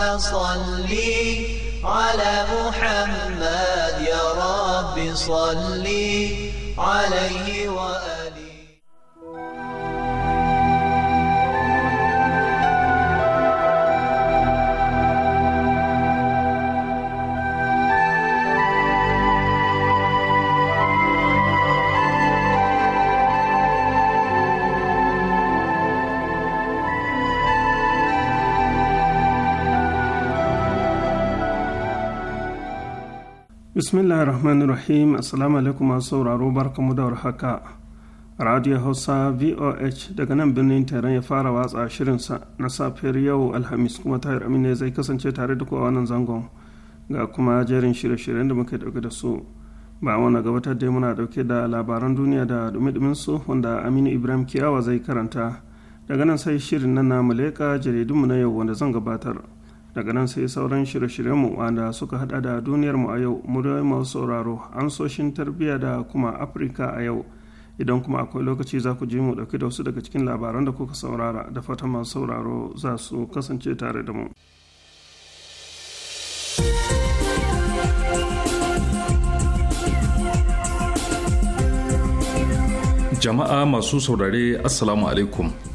رب صلي على محمد يا رب صلي عليه وسلم bismillahir rahim assalamu alaikum masu sauraro barkamu da warhaka radio hausa voh daga nan birnin taron ya fara watsa shirinsa na safiyar yau alhamis kuma tahir amina zai kasance tare da kowa wannan zangon ga kuma jerin shirye-shiryen da muke dauke da su ba wani gabatar da muna dauke da labaran duniya da dumi su wanda aminu ibrahim kiyawa zai karanta daga nan sai shirin na namuleka jaridunmu na yau wanda zan gabatar daga nan sai sauran shirye-shiryenmu wanda suka hada da duniyarmu a yau muryoyin masu sauraro amsoshin tarbiyya da kuma afirka a yau idan kuma akwai lokaci za ku ji mu dauki da wasu daga cikin labaran da kuka saurara da fatan masu sauraro za su kasance tare da mu jama'a masu saurare assalamu alaikum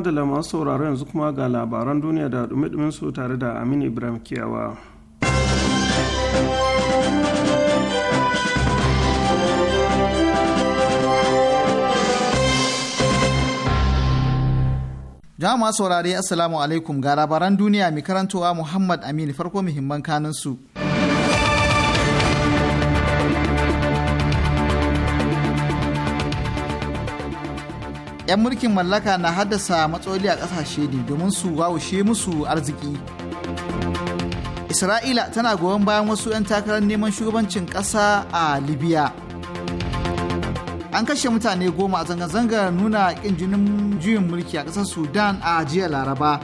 madalla masu sauraro yanzu kuma ga labaran duniya da dumi su tare da Aminu Ibrahim Kiyawa. Jama'a saurari Assalamu alaikum ga labaran duniya mai karantowa Muhammad Aminu farko muhimman kanin su. 'yan mulkin mallaka na haddasa matsaloli a ƙasashe ne domin su wawushe musu arziki isra'ila tana goyon bayan wasu 'yan takarar neman shugabancin ƙasa a libya an kashe mutane goma a zanga-zangar nuna ƙin jinin juyin mulki a ƙasar sudan a jiya laraba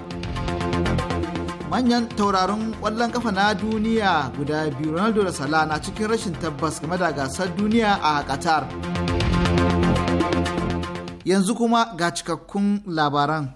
manyan tauraron ƙwallon ƙafa na duniya guda biyu ronaldo da salah na cikin rashin tabbas game da gasar duniya a qatar. yanzu kuma ga cikakkun labaran.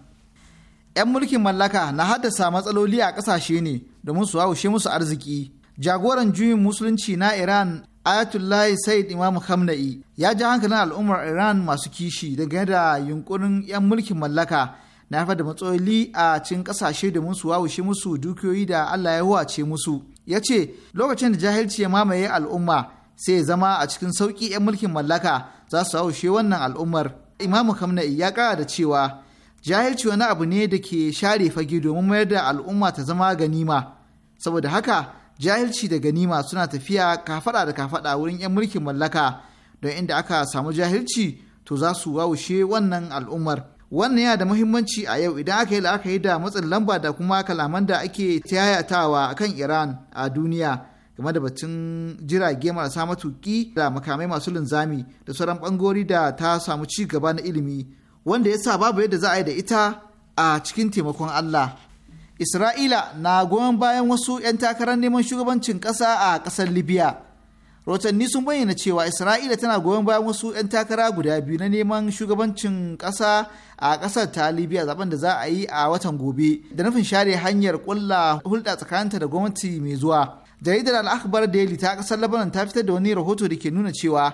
'Yan mulkin mallaka na haddasa matsaloli a ƙasashe ne domin su haushe musu arziki. Jagoran juyin musulunci na Iran Ayatollah Said Imam Khamenei ya ji hankalin al'ummar Iran masu kishi dangane da yunkurin 'yan mulkin mallaka na haifar da matsaloli a cikin ƙasashe domin su wawushe musu dukiyoyi da Allah ya huwace musu. Ya ce lokacin da jahilci ya mamaye al'umma sai ya zama a cikin sauƙi 'yan mulkin mallaka za su wawushe wannan al'ummar. imamu kamna'i ya kara da cewa jahilci wani abu ne da ke share fage domin mayar da al'umma ta zama ganima saboda haka jahilci da ganima suna tafiya kafada da kafada wurin 'yan mulkin mallaka don inda aka samu jahilci to za su wawushe wannan al'ummar wannan yana da muhimmanci a yau idan aka yi la'akari da matsin lamba da kuma kalaman da ake tayatawa akan iran a duniya game da batun jirage marasa matuki da makamai masu linzami da sauran bangori da ta samu ci gaba na ilimi wanda ya sa babu yadda za a yi da ita a cikin taimakon Allah. Isra'ila na goyon bayan wasu 'yan takarar neman shugabancin ƙasa a ƙasar Libya. Rotanni sun bayyana cewa Isra'ila tana goyon bayan wasu 'yan takara guda biyu na neman shugabancin ƙasa a ƙasar ta Libya zaben da za a yi a watan gobe da nufin share hanyar ƙulla hulɗa tsakaninta da gwamnati mai zuwa. jaridar al'akbar daily ta kasar labanan ta fitar da wani rahoto da ke nuna cewa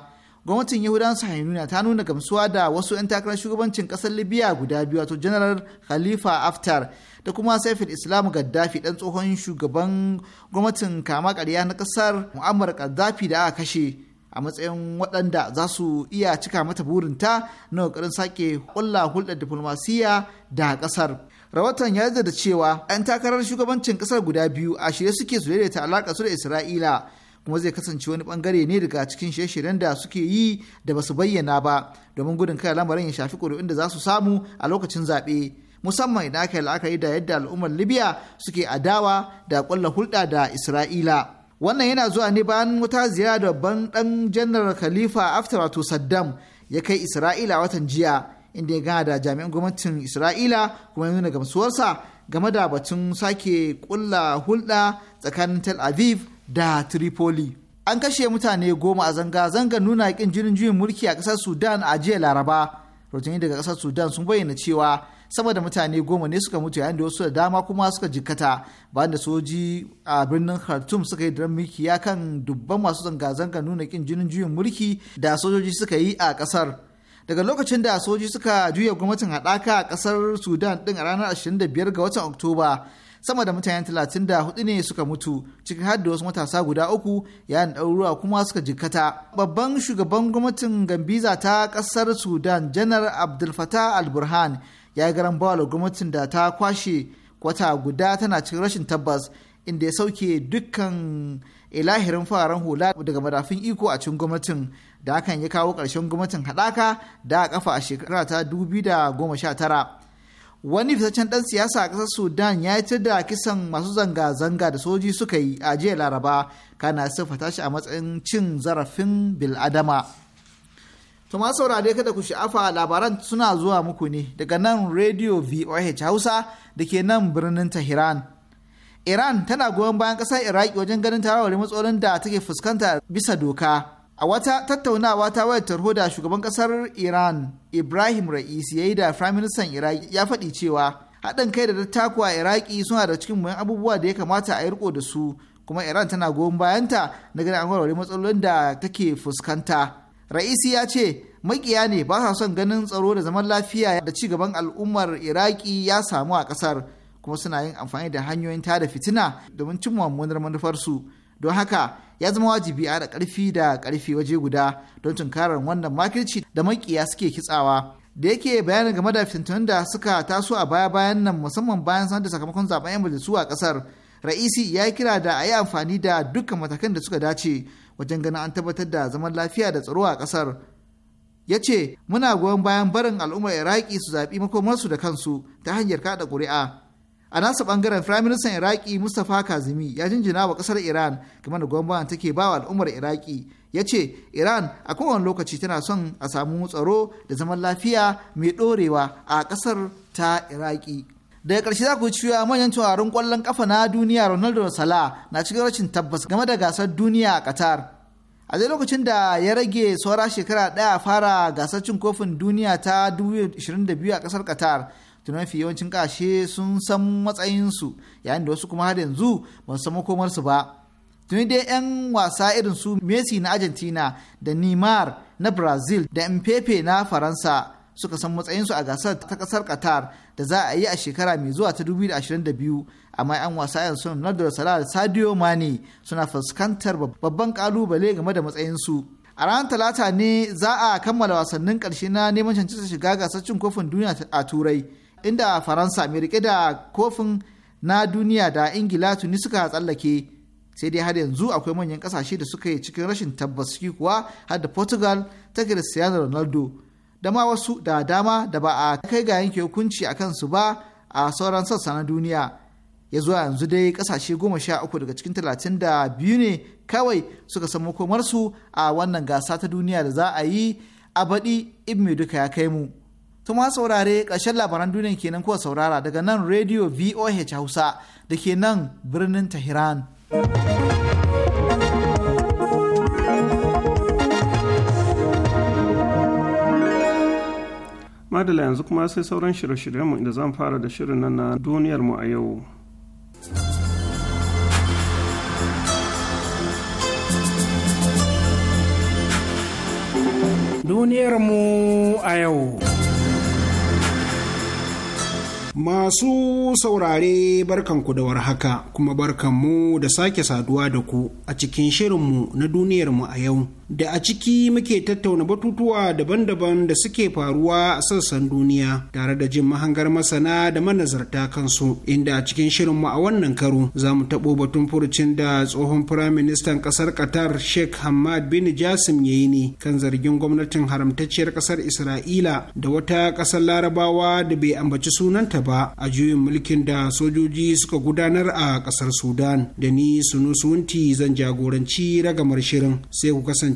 gwamnatin yahudan sahanuna ta nuna gamsuwa da wasu 'yan takarar shugabancin kasar libya guda biyu wato general khalifa aftar da kuma saifin islam gaddafi dan tsohon shugaban gwamnatin kama karya na kasar mu'ammar gaddafi da aka kashe a matsayin waɗanda za su iya cika mata burinta na ƙoƙarin sake hulɗar diflomasiyya da ƙasar. Rawatan ya da cewa 'yan takarar shugabancin kasar guda biyu a shirye suke su daidaita alaƙa su da isra'ila kuma zai kasance wani bangare ne daga cikin shirye-shiryen da suke yi da basu bayyana ba domin gudun kai lamarin ya shafi ƙuri'un da za su samu a lokacin zaɓe musamman idan aka yi la'akari da yadda al'ummar libya suke adawa da ƙwallon hulɗa da isra'ila wannan yana zuwa ne bayan wata ziyara da babban ɗan janar khalifa after wato saddam ya kai isra'ila watan jiya inda ya gana da jami'an gwamnatin isra'ila kuma ya nuna gamsuwarsa game da batun sake kulla hulɗa tsakanin tel aviv da tripoli an kashe mutane goma a zanga zanga nuna ƙin jinin juyin mulki a ƙasar sudan a jiya laraba rahotanni daga ƙasar sudan sun bayyana cewa sama da mutane goma ne suka mutu yayin da wasu da dama kuma suka jikkata bayan da soji a birnin khartum suka yi daren mikiya kan dubban masu zanga zanga nuna yakin jinin juyin mulki da sojoji suka yi a ƙasar. daga lokacin da soji suka juya gwamnatin haɗaka a ƙasar sudan ɗin a ranar 25 ga watan oktoba sama da mutane 34 ne suka mutu cikin har wasu matasa guda uku yayin ɗaruruwa kuma suka jikkata babban shugaban gwamnatin gambiza ta ƙasar sudan janar abdul fatah al-burhan ya garan bawa gwamnatin da ta kwashe kwata guda tana cikin rashin tabbas inda ya sauke dukkan ilahirin fararen hula daga madafin iko a cikin gwamnatin da hakan ya kawo ƙarshen gwamnatin haɗaka da a kafa a shekara ta 2019 wani fitaccen ɗan siyasa a ƙasar sudan ya yi da kisan masu zanga-zanga da soji suka yi a jiya laraba kana siffata shi a matsayin cin zarafin bil'adama to masu saurare kada ku sha'afa labaran suna zuwa muku ne daga nan radio voh hausa da ke nan birnin tehran Iran tana goyon bayan ƙasar Iraq wajen ganin tarawar matsalolin da take fuskanta bisa doka. A wata tattaunawa ta wayar tarho da shugaban ƙasar Iran Ibrahim Ra'isi ya yi da Firaministan Iraki ya faɗi cewa haɗin kai da dattako Iraki suna da cikin muhimman abubuwa da ya kamata a yi riko da su kuma Iran tana goyon bayanta na ganin an warware matsalolin da take fuskanta. Ra'isi ya ce makiya ne ba sa son ganin tsaro da zaman lafiya da ci gaban al'ummar Iraki ya samu a ƙasar. kuma suna yin amfani da hanyoyin tada fitina domin cimma mummunar manufarsu don haka ya zama wajibi a da karfi da karfi waje guda don tunkarar wannan makirci da makiya suke kitsawa da yake bayanin game da fitintun da suka taso a baya bayan nan musamman bayan sanar da sakamakon zaben yan majalisu a kasar ra'isi ya yi kira da a yi amfani da dukkan matakan da suka dace wajen ganin an tabbatar da zaman lafiya da tsaro a kasar ya ce muna goyon bayan barin al'ummar iraki su zaɓi makomarsu da kansu ta hanyar kaɗa ƙuri'a a nasa bangaren firaministan iraki mustapha kazimi ya jinjina wa kasar iran game da gwamnati take ba wa al'ummar iraki ya ce iran a kowane lokaci tana son a samu tsaro da zaman lafiya mai dorewa a kasar ta iraki daga ƙarshe za ku ciwa manyan taurarin ƙwallon kafa na duniya ronaldo sala na cikin rashin tabbas game da gasar duniya a qatar a zai lokacin da ya rage saura shekara ɗaya fara gasar cin kofin duniya ta 2022 a ƙasar qatar tuni mafi yawancin kashe sun san matsayinsu yayin da wasu kuma har yanzu ba su samu su ba tuni dai 'yan wasa irin su messi na argentina da neymar na brazil da mpepe na faransa suka san matsayinsu a gasar ta kasar qatar da za a yi a shekara mai zuwa ta 2022 amma 'yan wasa yanzu sun da salah da sadio mane suna fuskantar babban kalubale game da matsayinsu a ranar talata ne za a kammala wasannin karshe na neman su shiga gasar cin kofin duniya a turai inda faransa mai rike da kofin na duniya da ingila tuni suka tsallake sai dai har yanzu akwai manyan kasashe da suka yi cikin rashin tabbas kuwa har da portugal ta cristiano ronaldo da ma wasu da dama da ba a kai ga yanke hukunci a kansu ba a sauran sassa na duniya ya zuwa yanzu dai kasashe goma sha uku daga cikin talatin da biyu ne kawai suka san komarsu a wannan gasa ta duniya da za a yi a baɗi in mai duka ya kai mu. Tuma saurare ƙarshen labaran duniya kenan kuwa saurara daga nan Radio VOH Hausa da ke nan birnin Tehran. Madala yanzu kuma sai sauran shirye-shiryenmu inda zan fara da shirin nan na duniyarmu a yau. Duniyarmu a yau. Masu saurare barkan ku da warhaka kuma barkanmu da sake saduwa da ku a cikin shirinmu na duniyarmu a yau. da a ciki muke tattauna batutuwa daban-daban da suke faruwa a sassan duniya tare da jin mahangar masana da manazarta kansu inda a cikin shirinmu a wannan karo za mu taɓo batun furucin da tsohon firaministan ƙasar qatar sheikh hamad bin jasim ya yi ne kan zargin gwamnatin haramtacciyar ƙasar isra'ila da wata ƙasar larabawa da bai ambaci sunanta ba a juyin mulkin da sojoji suka gudanar a ƙasar sudan da ni sunusunti zan jagoranci ragamar shirin sai ku kasance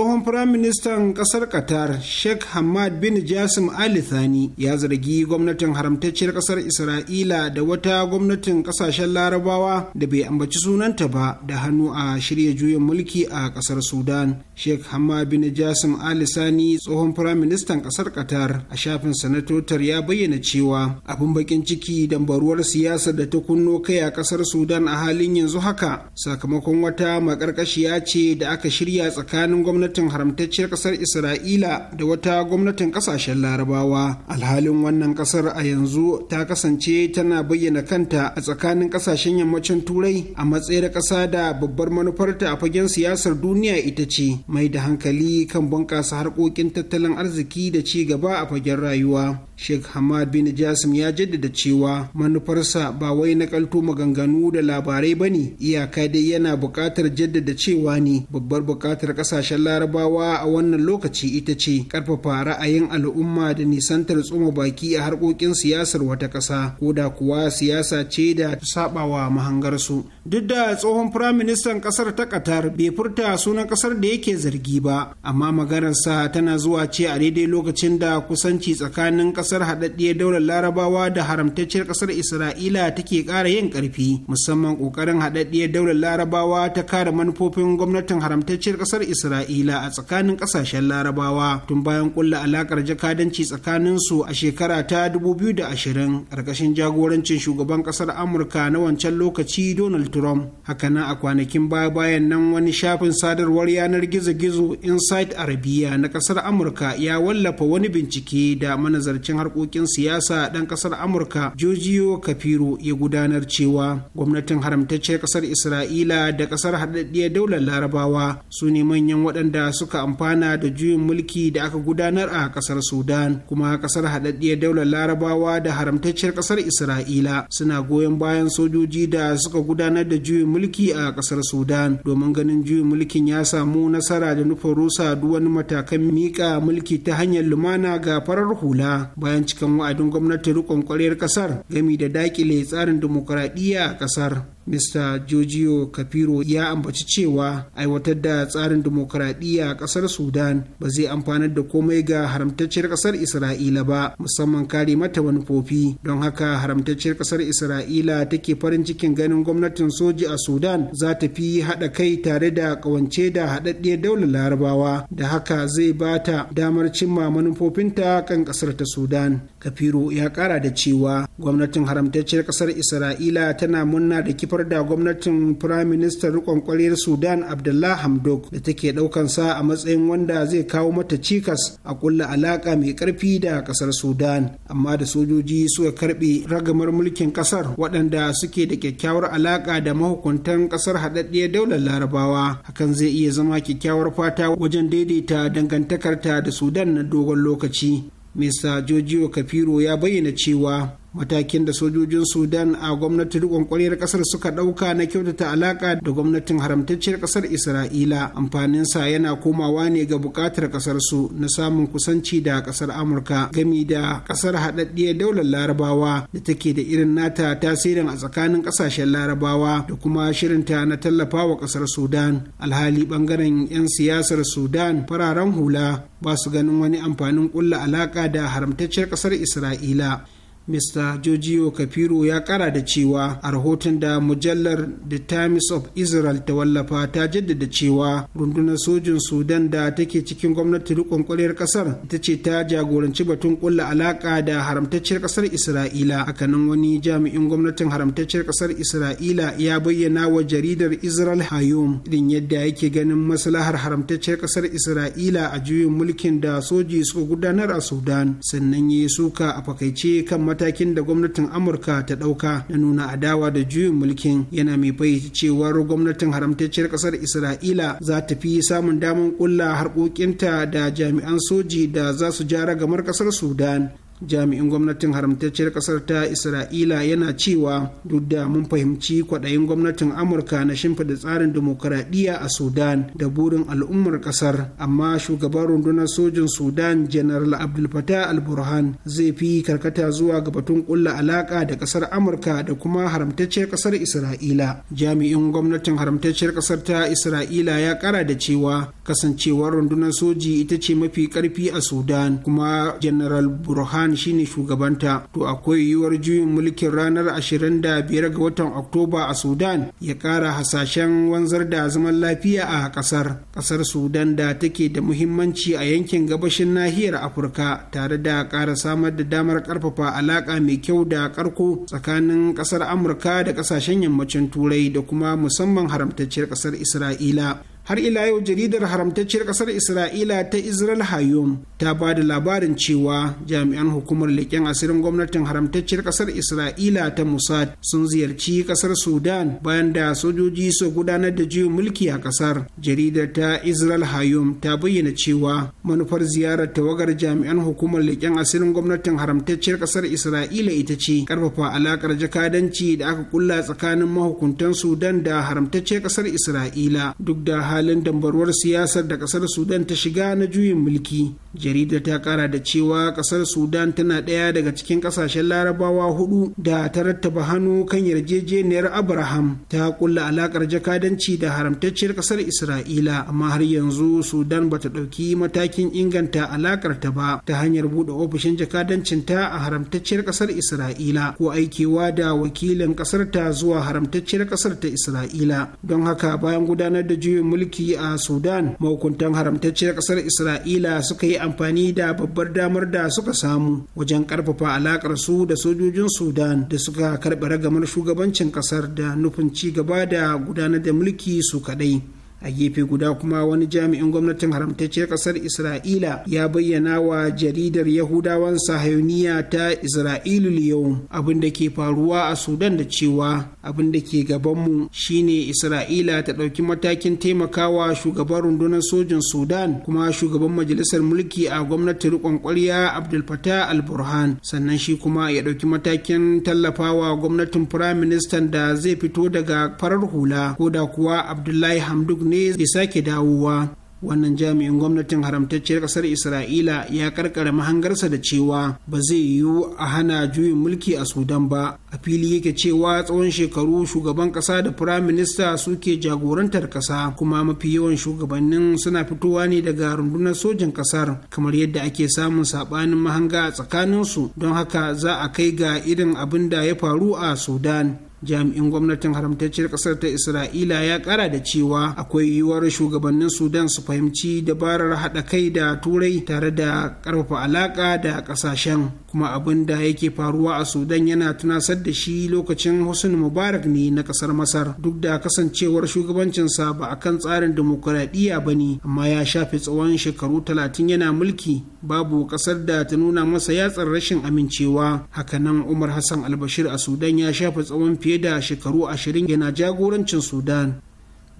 tsohon firaministan kasar qatar sheikh hamad bin jasim ali thani ya zargi gwamnatin haramtacciyar kasar isra'ila da wata gwamnatin kasashen larabawa da bai ambaci sunanta ba da hannu a shirya juyin mulki a kasar sudan sheikh hamad bin jasim ali thani tsohon firaministan kasar qatar a shafin sanatotar ya bayyana cewa abin bakin ciki dambaruwar siyasa da ta kunno kai a kasar sudan a halin yanzu haka sakamakon wata maƙarƙashiya ce da aka shirya tsakanin gwamnati gwamnatin haramtacciyar kasar isra'ila da wata gwamnatin kasashen larabawa alhalin wannan kasar a yanzu ta kasance tana bayyana kanta a tsakanin kasashen yammacin turai a matsayar kasa da babbar manufarta a fagen siyasar duniya ita ce mai da hankali kan bunƙasa harkokin tattalin arziki da ci gaba a fagen rayuwa Sheikh Hamad bin Jasim ya jaddada cewa manufarsa ba wai na kalto maganganu da labarai bane iyaka dai yana buƙatar jaddada cewa ne babbar buƙatar ƙasashen larabawa a wannan lokaci ita ce karfafa ra'ayin al'umma da nisantar tsoma baki a harkokin siyasar wata ƙasa ko da kuwa siyasa ce da ta saba wa mahangarsu duk da tsohon firaministan ƙasar ta qatar bai furta sunan ƙasar da yake zargi ba amma maganarsa tana zuwa ce a daidai lokacin da kusanci tsakanin ƙasar haɗaɗɗiyar daular larabawa da haramtacciyar ƙasar isra'ila take ƙara yin ƙarfi musamman ƙoƙarin haɗaɗɗiyar daular larabawa ta kare manufofin gwamnatin haramtacciyar ƙasar isra'ila kabila a tsakanin ƙasashen larabawa tun bayan kulla alakar jakadanci tsakanin su a shekara ta 2020 karkashin jagorancin shugaban ƙasar amurka na wancan lokaci donald trump hakanan a kwanakin baya bayan nan wani shafin sadarwar yanar gizo-gizo inside arabiya na ƙasar amurka ya wallafa wani bincike da manazarcin harkokin siyasa ɗan ƙasar amurka jojiyo kafiro ya gudanar cewa gwamnatin haramtacciyar ƙasar isra'ila da ƙasar haɗaɗɗiyar daular larabawa su ne manyan waɗanda waɗanda suka amfana da juyin mulki da aka gudanar a ƙasar sudan kuma ƙasar haɗaɗɗiyar daular larabawa da haramtacciyar ƙasar isra'ila suna goyon bayan sojoji da suka gudanar da juyin mulki a ƙasar sudan domin ganin juyin mulkin ya samu nasara da nufin rusa duk wani matakan miƙa mulki ta hanyar lumana ga farar hula bayan cikin wa'adin gwamnati riƙon ƙwaryar ƙasar gami da daƙile tsarin dimokuraɗiyya a ƙasar mista giorgio capiro ya ambaci cewa aiwatar da tsarin dimokuraɗiyya a kasar sudan ba zai amfanar da komai ga haramtacciyar kasar isra'ila ba musamman kare mata manufofi don haka haramtacciyar kasar isra'ila take farin cikin ganin gwamnatin soji a sudan za ta fi haɗa kai tare da ƙawance da haɗaɗɗiyar daular larabawa da haka zai ba ta damar cimma manufofinta kan kasar ta sudan kafiru ya kara da cewa gwamnatin haramtacciyar kasar isra'ila tana munna da kifar da gwamnatin firaministan rikon kwarir sudan abdullah hamdok da take daukansa a matsayin wanda zai kawo mata cikas a kulla alaka mai karfi da kasar sudan amma da sojoji suka karbe ragamar mulkin kasar waɗanda suke da kyakkyawar alaƙa da mahukuntan kasar haɗaɗɗiyar daular larabawa hakan zai iya zama kyakkyawar fata wajen daidaita dangantakarta da sudan na dogon lokaci Mista Jojiyo Kafiro ya bayyana cewa matakin da sojojin sudan a gwamnati rikon kwaryar kasar suka ɗauka na kyautata alaƙa da gwamnatin haramtacciyar kasar isra'ila amfaninsa yana komawa ne ga buƙatar kasar su na samun kusanci da kasar amurka gami da kasar haɗaɗɗiyar daular larabawa da take da irin nata tasirin a tsakanin ƙasashen larabawa da kuma shirinta na tallafa wa kasar sudan alhali ɓangaren 'yan siyasar sudan fararen hula ba su ganin wani amfanin ƙulla alaƙa da haramtacciyar kasar isra'ila Mr. Giorgio Kapiru ya kara da cewa a rahoton da mujallar The Times of Israel ta wallafa ta jaddada cewa rundunar sojin Sudan da take cikin gwamnati rikon kwarewar kasar ita ce ta jagoranci batun kulla alaka da haramtacciyar kasar Isra'ila hakanan wani jami'in gwamnatin haramtacciyar kasar Isra'ila ya bayyana wa jaridar Israel Hayom irin yadda yake ganin maslahar haramtacciyar kasar Isra'ila a juyin mulkin da soji suka gudanar a Sudan sannan ya suka a fakaice kan matakin da gwamnatin amurka ta ɗauka na nuna adawa da juyin mulkin yana mai bayyana cewar gwamnatin haramtacciyar ƙasar isra'ila za ta fi samun damar ƙulla harkokinta da jami'an soji da za su jara gamar ƙasar sudan jami'in gwamnatin haramtacciyar kasar ta isra'ila yana cewa duk da mun fahimci kwaɗayin gwamnatin amurka na shimfiɗa tsarin dimokuraɗiyya a sudan da burin al'ummar ƙasar amma shugaban rundunar sojin sudan general abdul fatah al-burhan zai fi karkata zuwa ga batun kulla alaka da ƙasar amurka da kuma haramtacciyar kasar isra'ila jami'in gwamnatin haramtacciyar kasar ta isra'ila ya kara da cewa kasancewar rundunar soji ita ce mafi ƙarfi a sudan kuma general burhan iran shine shugabanta to akwai yiwuwar juyin mulkin ranar 25 ga watan oktoba a sudan ya kara hasashen wanzar da zaman lafiya a kasar kasar sudan da take da muhimmanci a yankin gabashin nahiyar afirka tare da kara samar da damar karfafa alaka mai kyau da karko tsakanin kasar amurka da kasashen yammacin turai da kuma musamman haramtacciyar kasar isra'ila har ila yau jaridar haramtacciyar kasar isra'ila ta israel hayom ta ba da labarin cewa jami'an hukumar leƙen asirin gwamnatin haramtacciyar kasar isra'ila ta musad sun ziyarci kasar sudan bayan da sojoji su gudanar da juyin mulki a kasar jaridar ta israel hayom ta bayyana cewa manufar ziyarar tawagar jami'an hukumar leƙen asirin gwamnatin haramtacciyar kasar isra'ila ita ce karfafa alakar jakadanci da aka kulla tsakanin mahukuntan sudan da haramtacciyar kasar isra'ila duk da halin dambarwar siyasar da kasar sudan ta shiga na juyin mulki jarida ta kara da cewa kasar sudan tana ɗaya daga cikin kasashen larabawa hudu da ta rattaba hannu kan yarjejeniyar abraham ta kulla alakar jakadanci da haramtacciyar kasar isra'ila amma har yanzu sudan bata ɗauki matakin inganta alakar ta ba ta hanyar buɗe ofishin jakadancin ta a haramtacciyar kasar isra'ila ko aikewa da wakilin kasar ta zuwa haramtacciyar kasar ta isra'ila don haka bayan gudanar da juyin mulki mulki a sudan mahukuntan haramtacciyar kasar isra'ila suka yi amfani da babbar damar da suka samu wajen karfafa alakar su da sojojin sudan da suka karɓi ragamar shugabancin kasar da nufin ci gaba da gudanar da mulki su kadai a gefe guda kuma wani jami'in gwamnatin haramtacciyar kasar isra'ila ya bayyana wa jaridar yahudawan sahayuniya ta isra'ilul yau abin da ke faruwa a sudan da cewa abin da ke gabanmu shine isra'ila ta ɗauki matakin taimakawa shugaban rundunar sojin sudan kuma shugaban majalisar mulki a gwamnatin riƙon kwarya abdul fatah al burhan sannan shi kuma ya ɗauki matakin tallafawa gwamnatin firaministan da zai fito daga farar hula ko da kuwa abdullahi hamdu ne zai sake dawowa wannan jami'in gwamnatin haramtacciyar kasar isra'ila ya karkara mahangarsa da cewa ba zai yiwu a hana juyin mulki a sudan ba a fili yake cewa tsawon shekaru shugaban kasa da firaminista suke jagorantar kasa kuma mafi yawan shugabannin suna fitowa ne daga rundunar sojin kasar kamar yadda ake samun sabanin mahanga tsakaninsu don haka za a kai ga irin abin da ya faru a sudan jami'in gwamnatin haramtacciyar ƙasar ta isra'ila ya ƙara da cewa akwai yiwuwar shugabannin sudan su fahimci dabarar haɗa kai da turai tare da ƙarfafa alaƙa da ƙasashen kuma abin da yake faruwa a sudan yana tunasar da shi lokacin hussein mubarak ne na ƙasar masar duk da kasancewar shugabancinsa ba a kan tsarin dimokuraɗiyya ba ne amma ya shafe tsawon shekaru talatin yana mulki babu ƙasar da ta nuna masa yatsar rashin amincewa hakanan umar hassan albashir a sudan ya shafe tsawon fiye fiye da shekaru ashirin yana jagorancin sudan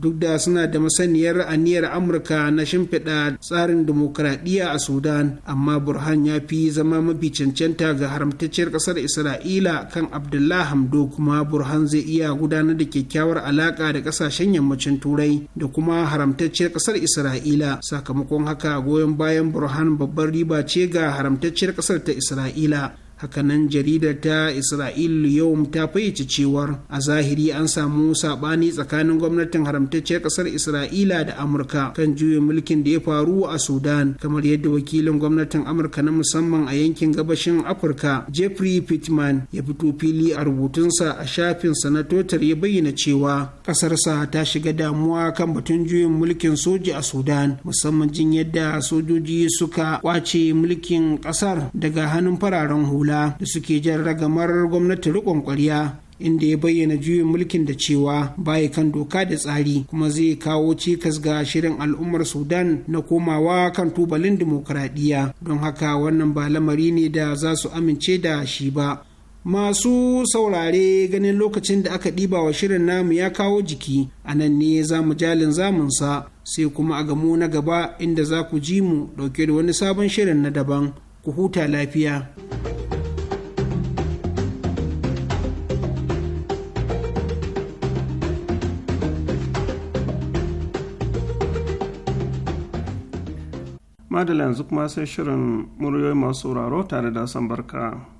duk da suna da masaniyar aniyar amurka na shimfiɗa tsarin dimokuraɗiyya a sudan amma burhan ya fi zama mafi cancanta ga haramtacciyar ƙasar isra'ila kan abdullah hamdo kuma burhan zai iya gudanar da kyakkyawar alaƙa da ƙasashen yammacin turai da kuma haramtacciyar ƙasar isra'ila sakamakon haka goyon bayan burhan babbar riba ce ga haramtacciyar ƙasar ta isra'ila hakanan jaridar ta isra'il yau ta fayyace cewar a zahiri an samu sabani tsakanin gwamnatin haramtacciyar kasar isra'ila da amurka kan juyin mulkin da ya faru a sudan kamar yadda wakilin gwamnatin amurka na musamman a yankin gabashin afirka jeffrey pittman ya fito fili a rubutunsa a shafinsa na totar ya bayyana cewa kasarsa ta shiga damuwa kan batun juyin mulkin soji a sudan musamman jin yadda sojoji suka kwace mulkin kasar daga hannun fararen hula da suke jan ragamar gwamnati rikon ƙwarya inda ya bayyana juyin mulkin da cewa baya kan doka da tsari kuma zai kawo cikas ga shirin al'ummar sudan na komawa kan tubalin dimokuraɗiyya don haka wannan ba lamari ne da za su amince da shi ba Masu saurare ganin lokacin da aka ɗiba wa shirin namu ya kawo jiki, a nan ne za mu jalin zamunsa sai kuma a gamu na gaba inda za ku ji mu ɗauke da wani sabon shirin na daban, ku huta lafiya. Madalla yanzu kuma sai shirin muryoyi masu sauraro tare da san barka.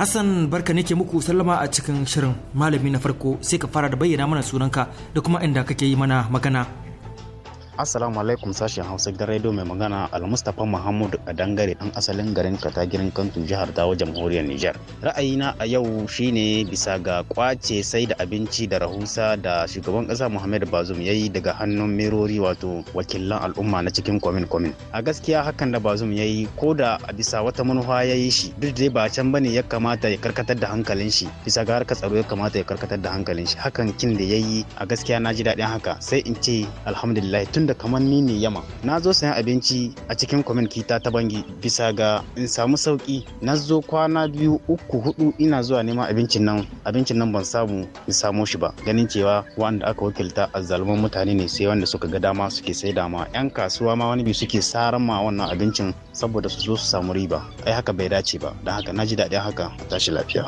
Hassan barka nake muku sallama a cikin shirin malami na farko sai ka fara da bayyana mana sunanka da kuma inda kake yi mana magana. Assalamu alaikum sashen Hausa gidan rediyo mai magana Al-Mustapha a dangare dan asalin garin Katagirin Kantu jihar Dawa jamhuriyar Nijar. Ra'ayina a yau shine bisa ga kwace sai da abinci da rahusa da shugaban kasa Muhammad Bazoum yayi daga hannun merori wato wakilan al'umma na cikin kwamin kwamin. A gaskiya hakan da Bazoum yayi ko da bisa wata manufa yayi shi duk dai ba can bane ya kamata ya karkatar da hankalin shi bisa ga harkar tsaro ya kamata ya karkatar da hankalin shi hakan kin da ya yi a gaskiya na ji daɗin haka sai in ce alhamdulillah tun da kamar ni ne yama na zo sayan abinci a cikin kwamin kita ta bangi bisa ga in samu sauki na zo kwana biyu uku hudu ina zuwa neman abincin nan abincin nan ban samu in samo shi ba ganin cewa wanda aka wakilta a zalman mutane ne sai wanda suka ga dama suke sai dama yan kasuwa ma wani bi suke saran ma wannan abincin saboda su zo su samu riba ai haka bai dace ba don haka na ji daɗin haka tashi lafiya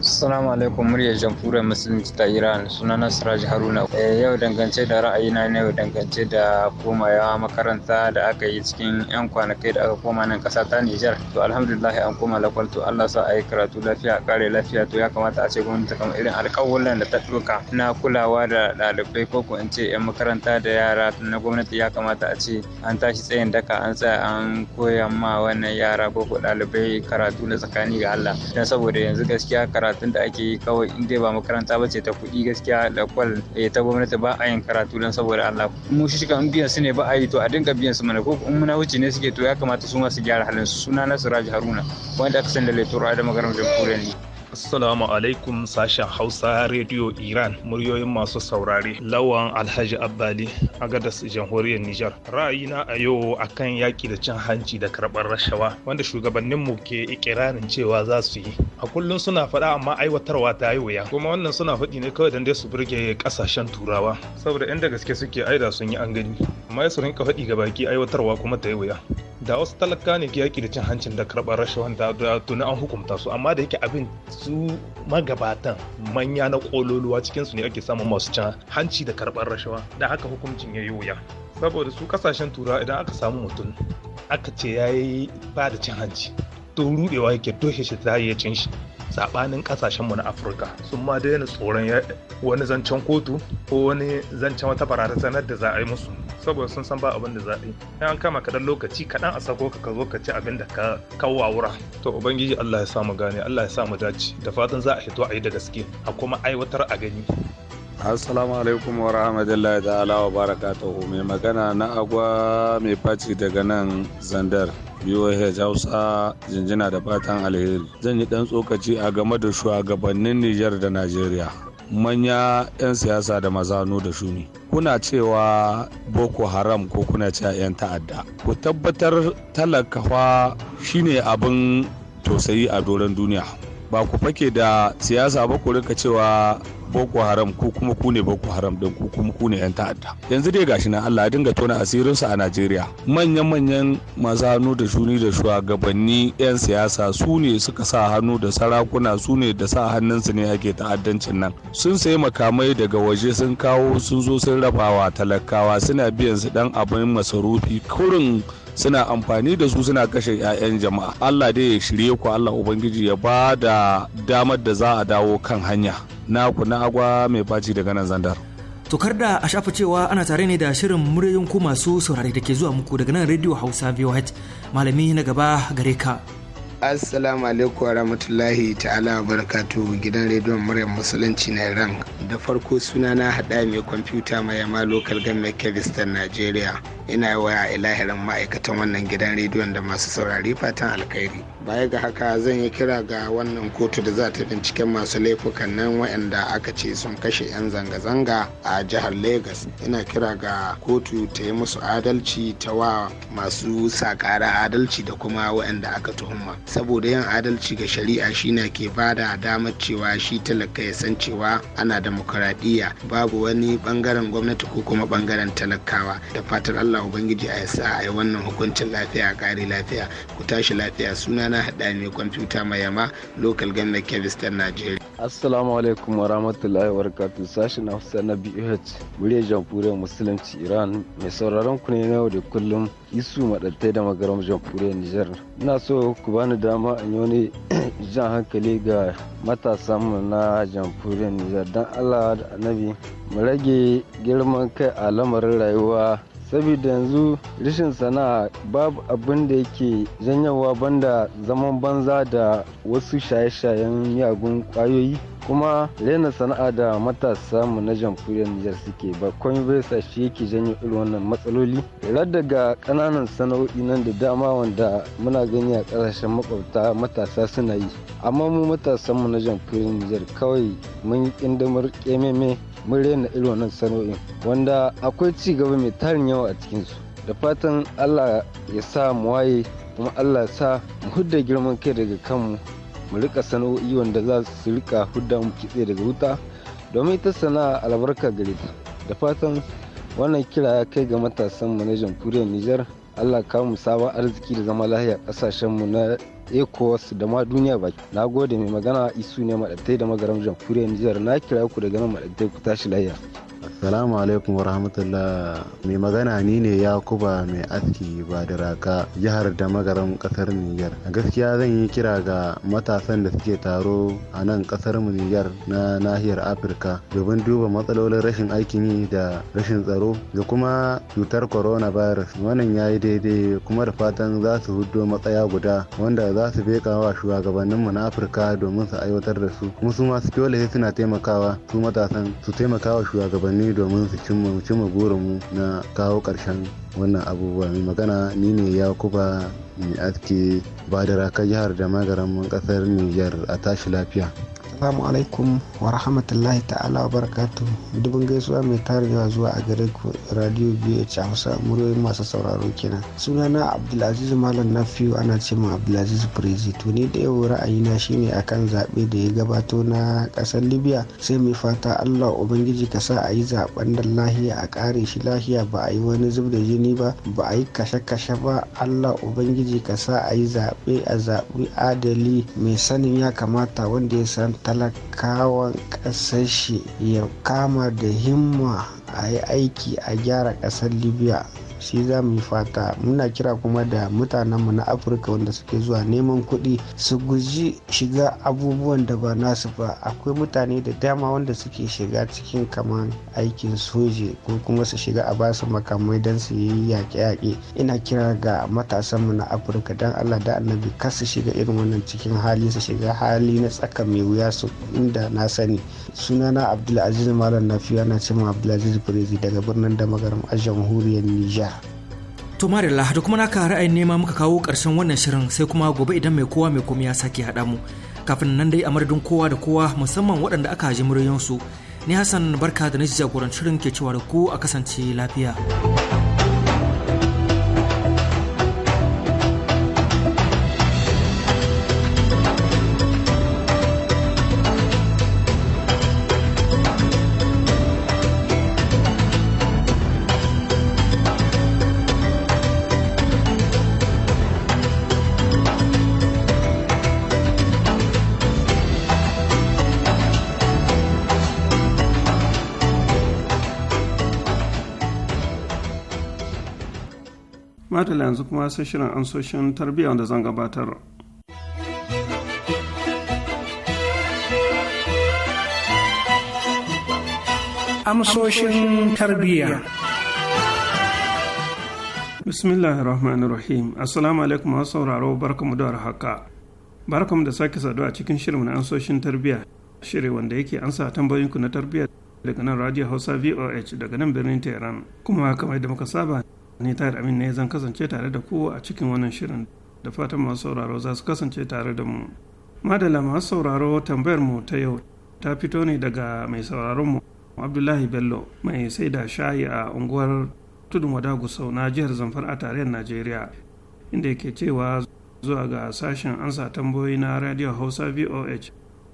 Assalamu alaikum muryar jamhuriyar musulunci ta Iran suna Siraj Haruna. Eh, yau dangance da ra'ayina na yau dangance da komawa makaranta da aka yi cikin 'yan kwanakai da aka koma nan kasa ta Nijar. To alhamdulillah an koma lakwal to Allah sa a yi karatu lafiya kare lafiya to ya kamata a ce gwamnati kamar irin alƙawullan da ta ɗauka na kulawa da ɗalibai ko ko in ce 'yan makaranta da yara na gwamnati ya kamata a ce an tashi tsayin daka an tsaya an koya ma wannan yara ko ko ɗalibai karatu na tsakani ga Allah. Dan saboda yanzu gaskiya karatu karatun da ake yi kawai in dai ba makaranta ba ce ta kuɗi gaskiya da kwal eh, ta gwamnati ba a yin karatu don saboda Allah mu shi in biyan su ne ba a yi to a dinga biyan su mana ko in muna wuce ne suke to ya kamata su ma su gyara halin su suna na Siraj Haruna wanda aka san da Letoro Adamu Garam Jamhuriyar Assalamu alaikum sashen Hausa Radio Iran muryoyin masu saurare lawan Alhaji Abbali a gadas jamhuriyar Nijar. Ra'ayi na a yau akan yaƙi da cin hanci da karɓar rashawa wanda mu ke ikirarin cewa za su yi. A kullum suna faɗa amma aiwatarwa ta yi wuya kuma wannan suna faɗi ne kawai dan dai su burge ƙasashen turawa saboda inda gaske suke aida sun yi an gani amma su rinka faɗi ga baki aiwatarwa kuma ta yi wuya. Da wasu talaka ne ke yaƙi da cin hancin da karɓar rashawa da tuni an hukunta su amma da yake abin su magabatan manya na kololuwa cikinsu ne ake samun masu can hanci da karɓar rashawa da haka hukuncin ya yi wuya saboda su kasashen turawa idan aka samu mutum aka ce ya yi ba da cin hanci to rudewa yake doshe shi ta cin shi saɓanin ƙasashenmu na afirka sun ma daina tsoron wani zancen kotu ko wani zancen wata sanar da za a yi musu saboda sun san ba abin da za a yi an kama kaɗan lokaci kaɗan a sako ka ka zo ka ci abin da ka wura? to ubangiji allah ya sa mu gane allah ya sa mu dace da fatan za a fito a yi da gaske a kuma aiwatar a gani Assalamu alaikum wa rahmatullahi wa barakatuhu mai magana na agwa mai faci daga nan zandar. BOH Hausa jinjina da fatan alheri. Zan yi ɗan tsokaci a game da shugabannin Nijar da Najeriya. Manya 'yan siyasa da mazanu da shuni. Kuna cewa Boko Haram ko kuna cewa 'yan ta'adda. Ku tabbatar talakawa shine abin tausayi a doron duniya. ba ku fake da siyasa ba ku rinka cewa boko haram ko kuma ku ne boko haram din ku kuma ku ne yan ta'adda yanzu dai gashi nan Allah ya dinga tona asirin su a Najeriya manyan manyan maza hannu da shuni da shugabanni yan siyasa su ne suka sa hannu da sarakuna su ne da sa hannun su ne ake ta'addancin nan sun sayi makamai daga waje sun kawo sun zo sun rabawa talakawa suna biyan su dan abin masarufi kurin suna amfani da su suna kashe 'ya'yan jama'a allah dai ya shirye ku allah ubangiji ya ba da damar da za a dawo kan hanya na ku na agwa mai baci daga nan zandar tokar da a shafa cewa ana tare ne da shirin muryoyin ku masu saurare da ke zuwa muku daga nan radio hausa voh malami na gaba gare ka assalamu alaikum wa rahmatullahi ta'ala wa barakatu gidan rediyon muryar musulunci na iran da farko suna na hada mai kwamfuta mai yama local government kevistan nigeria ina wa ilahirin ma'aikatan wannan gidan rediyon da masu saurari fatan alkhairi baya ga haka zan yi kira ga wannan kotu da za ta binciken masu laifukan nan waɗanda aka ce sun kashe 'yan zanga-zanga a jihar lagos ina kira ga kotu ta yi musu adalci ta wa masu sakara adalci da kuma waɗanda aka tuhuma saboda yin adalci ga shari'a shine ke ba da damar cewa shi talaka ya san cewa ana demokuraɗiyya babu wani bangaren gwamnati ko kuma bangaren talakawa da fatar allah ubangiji a yasa a yi wannan hukuncin lafiya a kare lafiya ku tashi lafiya suna sunana haɗa mai kwamfuta mai yama local government kebis ta najeriya assalamu alaikum wa rahmatullahi wa barakatuh sashen hausa na boh muryar jamhuriyar musulunci iran mai sauraron ku ne yau da kullum isu madattai da magaram jamhuriyar nijar ina so ku bani dama in yi wani jan hankali ga matasan mu na jamhuriyar nijar don allah da annabi mu rage girman kai a lamarin rayuwa saboda yanzu rashin sana'a babu abin da yake janyawa banda zaman banza da wasu shaye-shayen miyagun kwayoyi kuma rena sana'a da matasa mu na jamhuriyar niger suke ba komai bai sa shi yake janyo irin wannan matsaloli rar daga kananan sana'o'i nan da dama wanda muna gani a kasashen makwabta matasa suna yi amma mu matasan mu na jamhuriyar Nijar kawai mun yi kindamar kememe mun rena irin wannan sana'o'in wanda akwai ci gaba mai tarin yawa a cikinsu da fatan allah ya sa mu waye kuma allah ya sa mu hudda girman kai daga kanmu mu rika sana'o'i wanda za su rika hudda mu kitse daga wuta domin ita sana'a albarka gare ta da fatan wannan kira ya kai ga matasan manajan kuriyar nijar allah mu sabon arziki da zama lahiya kasashenmu na ecowas da ma duniya baki na gode mai magana isu ne maɗattai da magaram jamhuriyar nijar na kira ku daga nan maɗattai ku tashi lahiya Salamu alaikum wa rahmatullah. Mai magana ni ne ya Yakuba mai aski ba da raka jihar da magaran kasar Niger. A gaskiya zan yi kira ga matasan da suke taro a nan kasar mu Niger na nahiyar Afirka domin duba matsalolin rashin aikin yi da rashin tsaro da kuma cutar corona virus? Wannan ya yi daidai kuma da fatan za su hudo matsaya guda wanda za su beka wa shugabanninmu na Afirka domin su aiwatar da su. Kuma su masu dole suna taimakawa su matasan su taimakawa shugabanni yi domin su cimma burinmu na kawo ƙarshen wannan abubuwa mai magana ni ne ya kuba mai ba badara ka jihar da magaramin ƙasar niger a tashi lafiya assalamu alaikum wa rahmatullahi ta'ala wa barakatu dubin gaisuwa mai tarewa zuwa a gare ku radio bh hausa muryoyin masu sauraro kenan sunana abdulaziz malam nafiu ana ce ma abdulaziz prezi to ni da yau ra'ayina shine akan zaɓe da ya gabato na ƙasar libya sai mai fata allah ubangiji ka sa a yi zaɓen da lahiya a ƙare shi lahiya ba a yi wani zub da jini ba ba a yi kashe-kashe ba allah ubangiji ka sa a yi zaɓe a zaɓi adali mai sanin ya kamata wanda ya san talakawan ƙasashe ya kama da himma a yi aiki a gyara ƙasar libya shi za mu yi fata muna kira kuma da mutanenmu na afirka wanda suke zuwa neman kuɗi su guji shiga abubuwan da ba nasu ba akwai mutane da dama wanda suke shiga cikin kaman aikin soji ko kuma su shiga a basu makamai don su yi yaƙe-yaƙe ina kira ga matasanmu na afirka don allah da annabi kar su shiga irin wannan cikin hali su shiga hali na tsaka mai wuya su inda na sani sunana abdulaziz malam lafiya na cimma abdulaziz firezi daga birnin da magaram a jamhuriyar nijar to marilla da kuma naka ra'ayin nema muka kawo karshen wannan shirin sai kuma gobe idan mai kowa mai komai ya sake haɗa mu kafin nan dai a madadin kowa da kowa musamman waɗanda aka ji muryoyinsu ni hassan barka da na jagorancin shirin ke cewa da ku a kasance lafiya. madala yanzu kuma sai shirin amsoshin tarbiyya wanda zan gabatar. Amsoshin tarbiyya. Bismillahir Rahim. Assalamu alaikum masu sauraro barkamu da warhaka. Barkamu da sake saduwa a cikin shirin na amsoshin tarbiyya. Shiri wanda yake ansa tambayoyinku na tarbiyya daga nan Radio Hausa VOH daga nan birnin Tehran. Kuma kamar da muka saba ne tayar amin ne zan kasance tare da ku a cikin wannan shirin da fatan masu sauraro za su kasance tare da mu madala masu sauraro tambayar mu ta yau ta fito ne daga mai sauraron mu abdullahi bello mai sai da shayi a unguwar tudun wada gusau na jihar zamfara a tarayyar najeriya inda yake cewa zuwa ga sashen ansa tambayoyi na radio hausa voh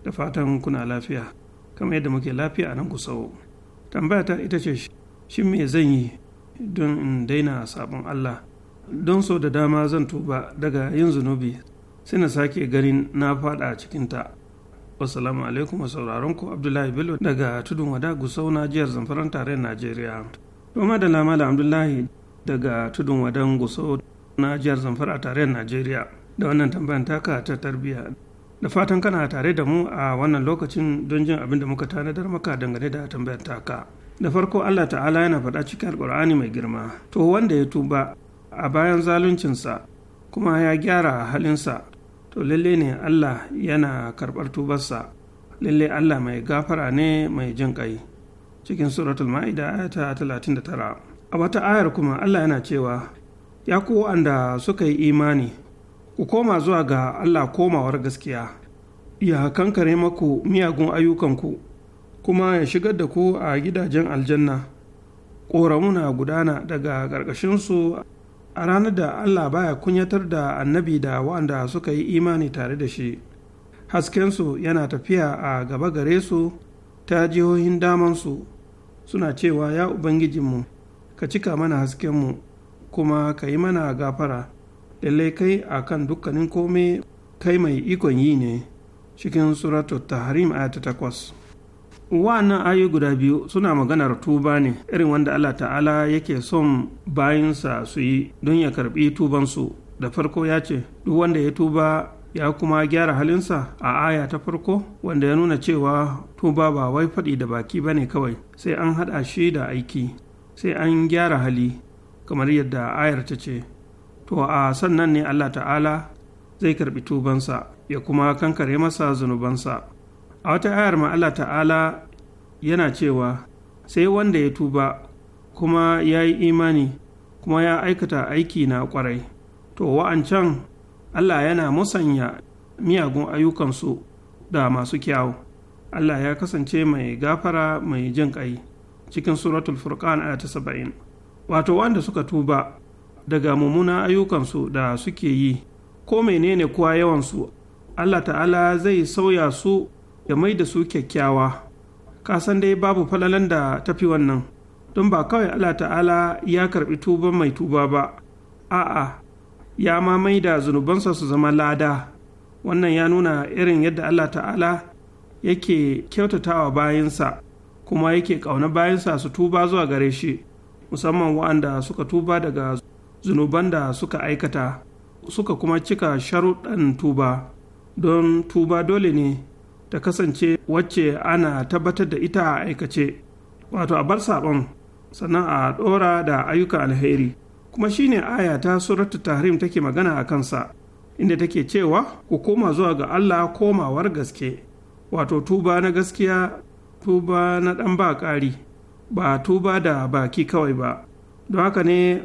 da fatan kuna lafiya kamar yadda muke lafiya a nan gusau tambaya ta ita ce shin me zan yi don in daina sabon Allah don so da dama zan tuba daga yin zunubi sai na sake ganin na fada cikinta wasalamu alaikum wa sauraron ku abdullahi bello daga tudun wada gusau na jihar zamfaran na najeriya Roma da da abdullahi daga tudun wadan gusau na jihar zamfara tare na najeriya da wannan tambayan taka ta tarbiyya da fatan kana tare da mu a wannan lokacin don jin abin da muka tanadar maka dangane da tambayar taka. da farko allah ta'ala yana faɗa cikin alƙur'ani mai girma to wanda ya tuba a bayan zaluncinsa kuma ya gyara halinsa to lalle ne allah yana karɓar tubarsa lalle allah mai gafara ne mai jin ƙai cikin suratul ma'ida da tara. a wata ayar kuma allah yana cewa ya ku wanda suka yi imani ku koma zuwa ga allah komawar gaskiya ya kankare maku miyagun ayyukanku kuma ya shigar da ku a gidajen aljanna ƙoramuna gudana daga ƙarƙashinsu a ranar da allah baya kunyatar da annabi da waɗanda suka yi imani tare da shi haskensu yana tafiya a gaba gare su ta jihohin damansu suna cewa ya ubangijinmu ka cika mana haskenmu kuma ka yi mana gafara lallai kai a kan dukkanin kome kai mai ikon yi ne cikin suratul tahrim aya ta takwas wa'annan ayi guda biyu suna maganar tuba ne irin wanda Allah ta'ala yake son bayinsa su yi don ya karbi tubansu da farko ya ce duk wanda ya tuba ya kuma gyara halinsa a aya ta farko wanda ya nuna cewa tuba ba wai faɗi da baki ba ne kawai sai an haɗa shi da aiki sai an gyara hali kamar yadda ayar ta ce to a sannan ne Allah ta'ala zai karbi tubansa ya kuma kankare masa zunubansa a wata ayar ma Allah ta'ala yana cewa sai wanda ya tuba kuma ya yi imani kuma ya aikata aiki na kwarai to wa'ancan Allah yana musanya miyagun ayyukansu da masu kyawu Allah ya kasance mai gafara mai jin ƙai cikin suratul furqan aya ta saba'in wato wanda suka tuba daga mumuna ayyukansu da suke yi ko menene kuwa yawansu Allah ta'ala zai sauya su ya mai da su kyakkyawa Ka san dai babu falalan da tafi wannan don ba kawai allah ta'ala ya karbi tuba mai tuba ba a'a ya ma mai da zunubansa su zama lada wannan ya nuna irin yadda allah ta'ala yake kyautatawa bayansa kuma yake ƙauna bayansa su tuba zuwa gare shi musamman wa'anda suka tuba daga zunuban da suka aikata suka kuma cika sharuɗan tuba don tuba dole ne ta kasance wacce ana tabbatar da ita a aikace wato a bar saɓon sannan a ɗora da ayyuka alheri kuma shine aya ta suratu tahrim take magana a kansa inda take cewa ku koma zuwa ga Allah komawar gaske wato tuba na gaskiya tuba na ɗan ba ƙari ba tuba da baki kawai ba don haka ne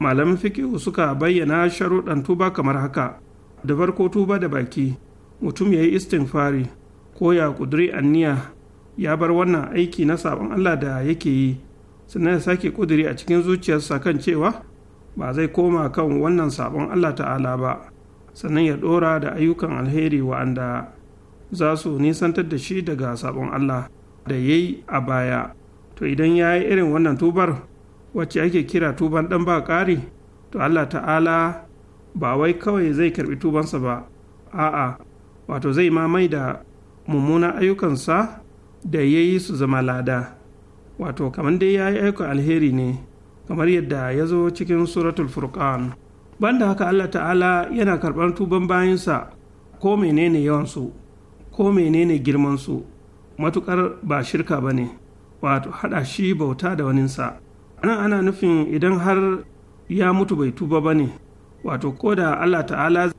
malamin fikihu suka bayyana sharuɗan tuba kamar haka da farko tuba da baki mutum ya yi istin fari. ko ya ƙuduri anniya ya bar wannan aiki na sabon Allah da yake yi sannan ya sake ƙuduri a cikin zuciyarsa kan cewa ba zai koma kan wannan sabon Allah ta'ala ba sannan ya ɗora da ayyukan alheri wa'anda za su nisantar da shi daga sabon Allah da ya yi a baya to idan ya yi irin wannan tubar wacce ake kira tuban ɗan ba ƙari to Allah ta'ala ba wai kawai zai karɓi tubansa ba a'a wato zai ma mai da mummunan ayyukansa da ya yi su zama lada wato kamar dai ya yi aikon alheri ne kamar yadda ya zo cikin suratul furqan banda haka allah ta'ala yana karɓar tuban bayansa ko menene yawansu ko menene su? matukar ba shirka ba ne wato haɗa shi bauta da waninsa nan ana nufin idan har ya mutu bai tuba ba ne wato ko da allah ta'ala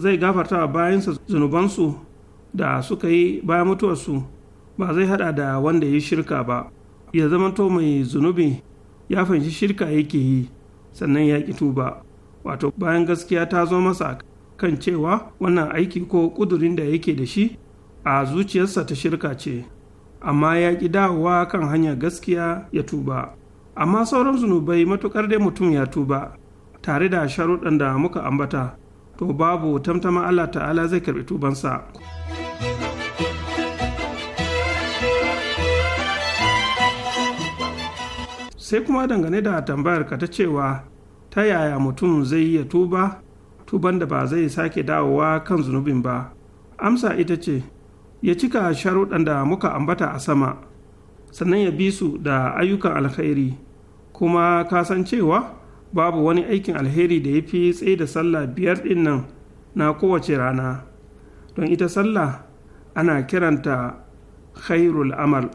zai gafarta bayansa zunubansu da suka yi bayan mutuwarsu ba zai hada da wanda ya shirka ba ya zamanto mai zunubi ya fahimci shirka yake yi sannan ya ƙi tuba wato bayan gaskiya ta zo masa kan cewa wannan aiki ko ƙudurin da yake da shi a zuciyarsa ta shirka ce amma ya ƙi dawowa kan hanyar gaskiya ya tuba amma sauran zunubai matuƙar dai mutum ya tuba tare da sharuɗan da muka ambata to babu tamtama Allah ta'ala zai karɓi tubansa. sai kuma dangane da tambayar ka ta cewa ta yaya mutum zai iya tuba tuban da ba zai sake dawowa kan zunubin ba amsa ita ce ya cika sharuɗan da muka ambata a sama sannan ya bi su da ayyukan alkhairi kuma ka san cewa babu wani aikin alheri da ya fi tsaye da sallah biyar ɗin na kowace rana don ita sallah ana kiranta khairul amal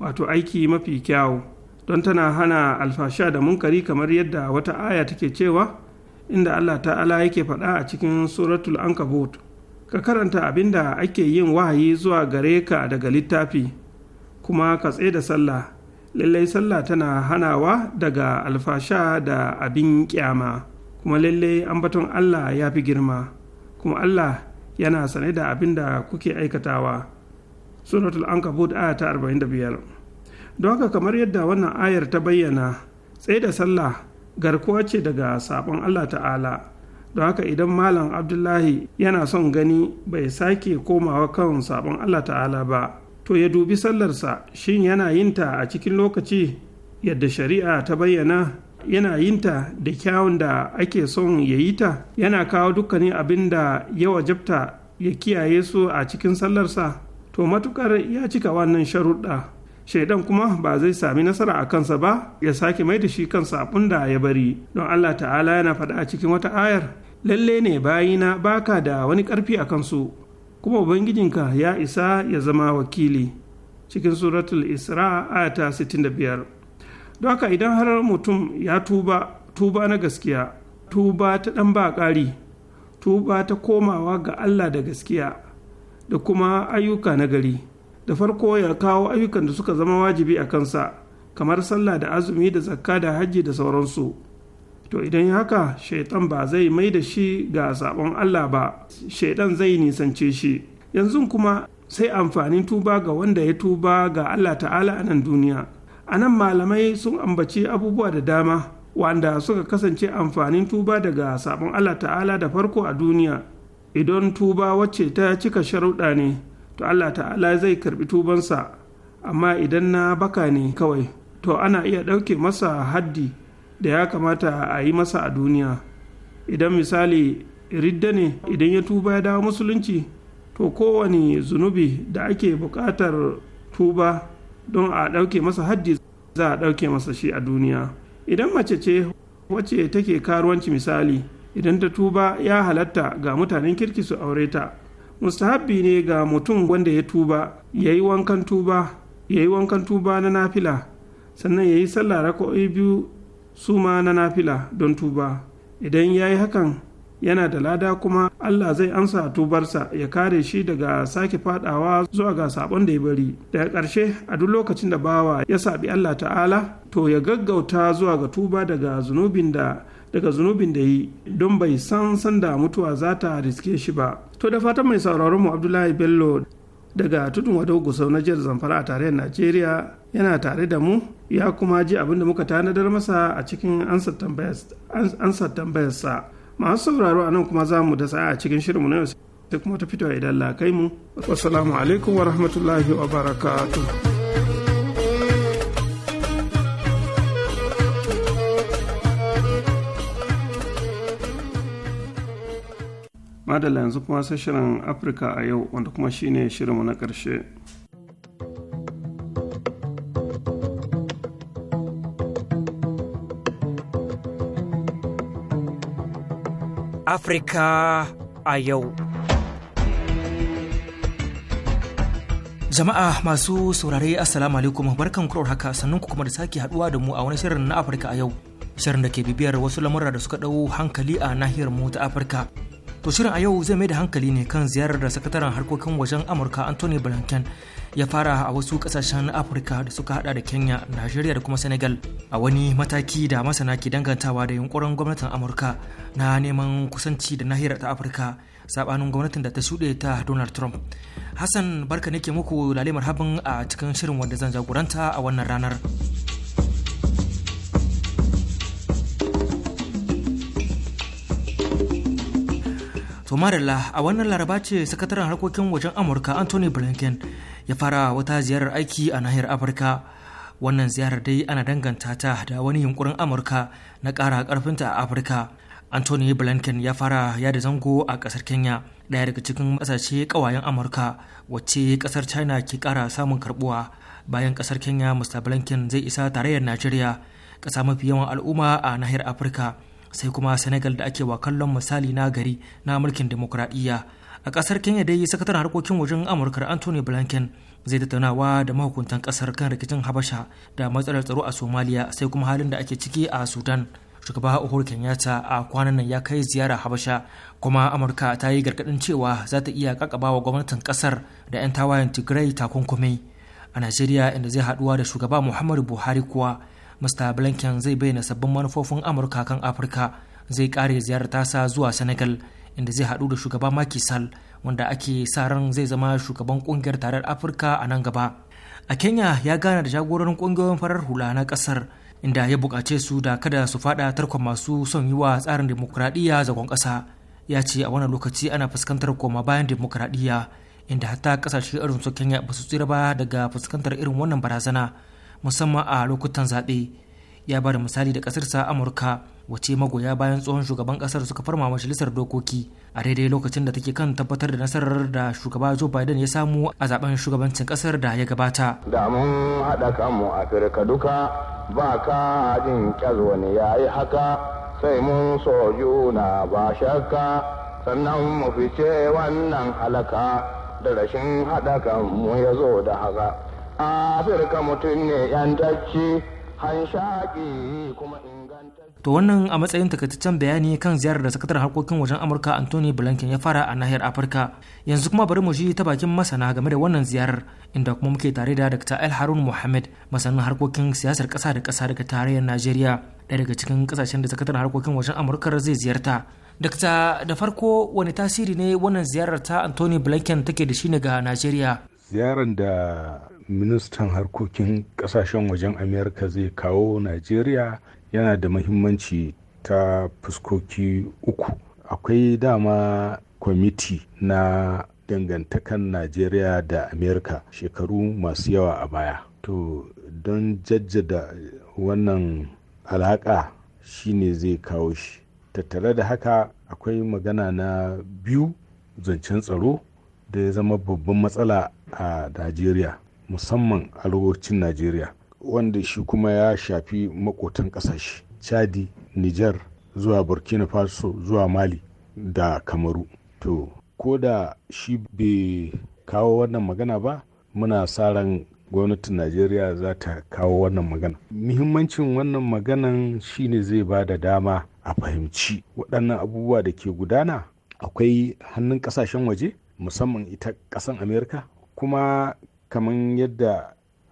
wato aiki mafi kyawu don tana hana alfasha da munkari kamar yadda wata aya take cewa inda Allah ta'ala yake faɗa a cikin suratul ankabut ka karanta abin da ake yin wahayi zuwa gare ka daga littafi kuma ka tsaye da sallah lallai sallah tana hanawa daga alfasha da abin kyama kuma lallai ambaton Allah ya fi girma kuma Allah yana sane da abin da kuke aikatawa suratul ankabut aya ta 45 don haka kamar yadda wannan ayar ta bayyana tsaye da sallah garkuwa ce daga sabon allah ta'ala don haka idan malam abdullahi yana son gani bai sake komawa kan sabon allah ta'ala ba to ya dubi sallarsa shin yana yinta a cikin lokaci yadda shari'a ta bayyana yana yinta da kyawun da ake son ya yi ta yana kawo dukkanin abin da ya wajabta ya kiyaye su a cikin sallarsa to matukar ya cika wannan sharuɗa shaidan kuma ba zai sami nasara a kansa ba ya sake mai da shi kansa abun da ya bari don allah ta'ala yana faɗa a cikin wata ayar lalle ne bayina baka da wani ƙarfi a kansu kuma ubangijinka ya isa ya zama wakili cikin suratul isra ayata 65 don haka idan har mutum ya tuba tuba na gaskiya tuba ta ɗan ba ƙari tuba ta komawa ga allah da gaskiya da kuma ayyuka na gari da farko ya kawo ayyukan da suka zama wajibi a kansa kamar sallah da azumi da zakka da hajji da sauransu to idan haka shaitan ba zai mai da shi ga sabon Allah ba shaitan zai nisance shi yanzu kuma sai amfanin tuba ga wanda ya tuba ga Allah ta'ala a nan duniya a nan malamai sun ambaci abubuwa da dama wanda suka kasance amfanin tuba daga sabon Allah ta'ala da farko a duniya idan tuba wacce ta cika sharuɗa ne to Allah ta'ala zai karbi tubansa amma idan na baka ne kawai to ana iya ɗauke masa haddi da ya kamata a yi masa a duniya idan misali ridda ne idan ya tuba ya dawo musulunci to kowane zunubi da ake buƙatar tuba don a ɗauke masa haddi za a ɗauke masa shi a duniya idan mace ce wacce take karuwanci misali idan ta tuba ya halatta ga mutanen kirki su aure ta mustahabbi ne ga mutum wanda ya tuba ya yi wankan tuba ya yi wankan tuba na nafila sannan ya yi sallah raka'o'i biyu su ma na nafila don tuba idan ya yi hakan yana da lada kuma Allah zai ansa tubarsa ya kare shi daga sake fadawa zuwa ga sabon da ya bari daga ƙarshe a duk lokacin da bawa ya saɓi Allah ta'ala to ya gaggauta zuwa ga tuba daga zunubin da daga zunubin da yi don bai san sanda mutuwa za ta riske shi ba to da fatan mai sauraron mu abdullahi bello daga tudun wadau gusau na jihar zamfara a tarayyar najeriya yana tare da mu ya kuma ji abin da muka tanadar masa a cikin ansar tambayarsa masu sauraro a nan kuma za mu da sa'a a cikin shirinmu na yau sai kuma ta fito a idan la kai mu wassalamu alaikum wa rahmatullahi wa barakatuh madalla yanzu kuma sai shirin afirka a yau wanda kuma shine shirinmu na ƙarshe afirka a yau jama'a masu saurare assalamu alaikum barkan kurar haka sannan ku kuma da sake haduwa da mu a wani shirin na afirka a yau shirin da ke bibiyar wasu lamura da suka ɗau hankali a nahiyar mu ta afirka to shirin a yau zai mai da hankali ne kan ziyarar da sakataren harkokin wajen amurka anthony blinken ya fara a wasu kasashen afirka da suka hada da kenya najeriya da kuma senegal a wani mataki da masana ke dangantawa da yunkurin gwamnatin amurka na neman kusanci da nahiyar ta afirka sabanin gwamnatin da ta shuɗe ta donald trump hassan barka nake muku lalimar habin a cikin shirin wanda zan jagoranta a wannan ranar. To Marilla a wannan laraba ce sakataren harkokin wajen Amurka Anthony Blinken ya fara wata ziyarar aiki a nahiyar Afirka. Wannan ziyarar dai ana danganta ta da wani yunkurin Amurka na ƙara ƙarfinta a Afirka. Anthony Blinken ya fara yada zango a ƙasar Kenya, ɗaya daga cikin ƙasashe ƙawayen Amurka wacce ƙasar China ke ƙara samun karɓuwa. Bayan ƙasar Kenya, Mr. Blinken zai isa tarayyar Najeriya, ƙasa mafi yawan al'umma a nahiyar Afirka. sai kuma senegal da ake wa kallon misali na gari na mulkin demokuraɗiyya a ƙasar kenya dai sakataren harkokin wajen amurka anthony blinken zai tattaunawa da mahukuntan ƙasar kan rikicin habasha da matsalar tsaro a somaliya sai kuma halin da ake ciki a sudan shugaba uhuru kenyatta a kwanan nan ya kai ziyara habasha kuma amurka ta yi gargaɗin cewa za ta iya kakabawa gwamnatin ƙasar da 'yan tawayen tigray takunkumi a najeriya inda zai haɗuwa da shugaba muhammadu buhari kuwa mr blinken zai bayyana sabbin manufofin amurka kan afirka zai kare ziyarar tasa zuwa senegal inda zai haɗu da shugaba Macky Sall wanda ake sa ran zai zama shugaban kungiyar tarar Afirka a nan gaba. A Kenya ya gana da jagororin kungiyoyin farar hula na kasar inda ya bukace su da kada su faɗa tarkon masu son yi wa tsarin demokuraɗiyya zagon ƙasa. Ya ce a wannan lokaci ana fuskantar koma bayan demokuraɗiyya inda hatta kasashe irin su Kenya ba su tsira ba daga fuskantar irin wannan barazana. musamman a lokutan zaɓe ya ba da misali da ƙasarsa amurka wace magoya bayan tsohon shugaban ƙasar suka farma majalisar dokoki a daidai lokacin da take kan tabbatar da nasarar da shugaba joe biden ya samu a zaben shugabancin ƙasar da ya gabata da mun haɗa kanmu afirka duka ba ka jin ƙyar wani ya yi haka sai mun so juna ba shakka sannan mu fice wannan halaka da rashin haɗa kanmu ya zo da haka a afirka mutum ne yantacce hanshaki kuma ingantacce to wannan a matsayin takaitaccen bayani kan ziyarar da sakatar harkokin wajen amurka anthony blinken ya fara a nahiyar afirka yanzu kuma bari mu ji ta bakin masana game da wannan ziyarar inda kuma muke tare da dr el harun muhammad masanin harkokin siyasar kasa da kasa daga tarayyar najeriya ɗaya daga cikin kasashen da sakatar harkokin wajen amurka zai ziyarta dakta da farko wani tasiri ne wannan ziyarar ta anthony blinken take da shi ne ga najeriya ziyarar da ministan harkokin kasashen wajen amerika zai kawo najeriya yana da mahimmanci ta fuskoki uku akwai dama kwamiti na dangantakan najeriya da amerika shekaru masu yawa a baya to don jajjada wannan alaƙa shine zai kawo shi tattare da haka akwai magana na biyu zancen tsaro da ya zama babban matsala a najeriya musamman arewacin najeriya wanda shi kuma ya shafi makotan kasashe chadi niger zuwa burkina faso zuwa mali da kamaru to ko da shi bai kawo wannan magana ba muna sa ran gwamnatin najeriya za ta kawo wannan magana muhimmancin wannan maganan shine zai ba da dama a fahimci waɗannan abubuwa da ke gudana akwai hannun ƙasashen waje musamman ita ƙasan amerika kuma kamar yadda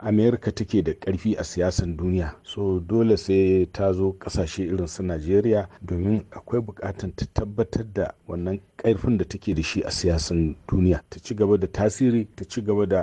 amerika take da karfi a siyasan duniya so dole sai ta zo kasashe irin su najeriya domin akwai bukatan ta tabbatar da wannan karfin da take da shi a siyasan duniya ta ci gaba da tasiri ta ci gaba da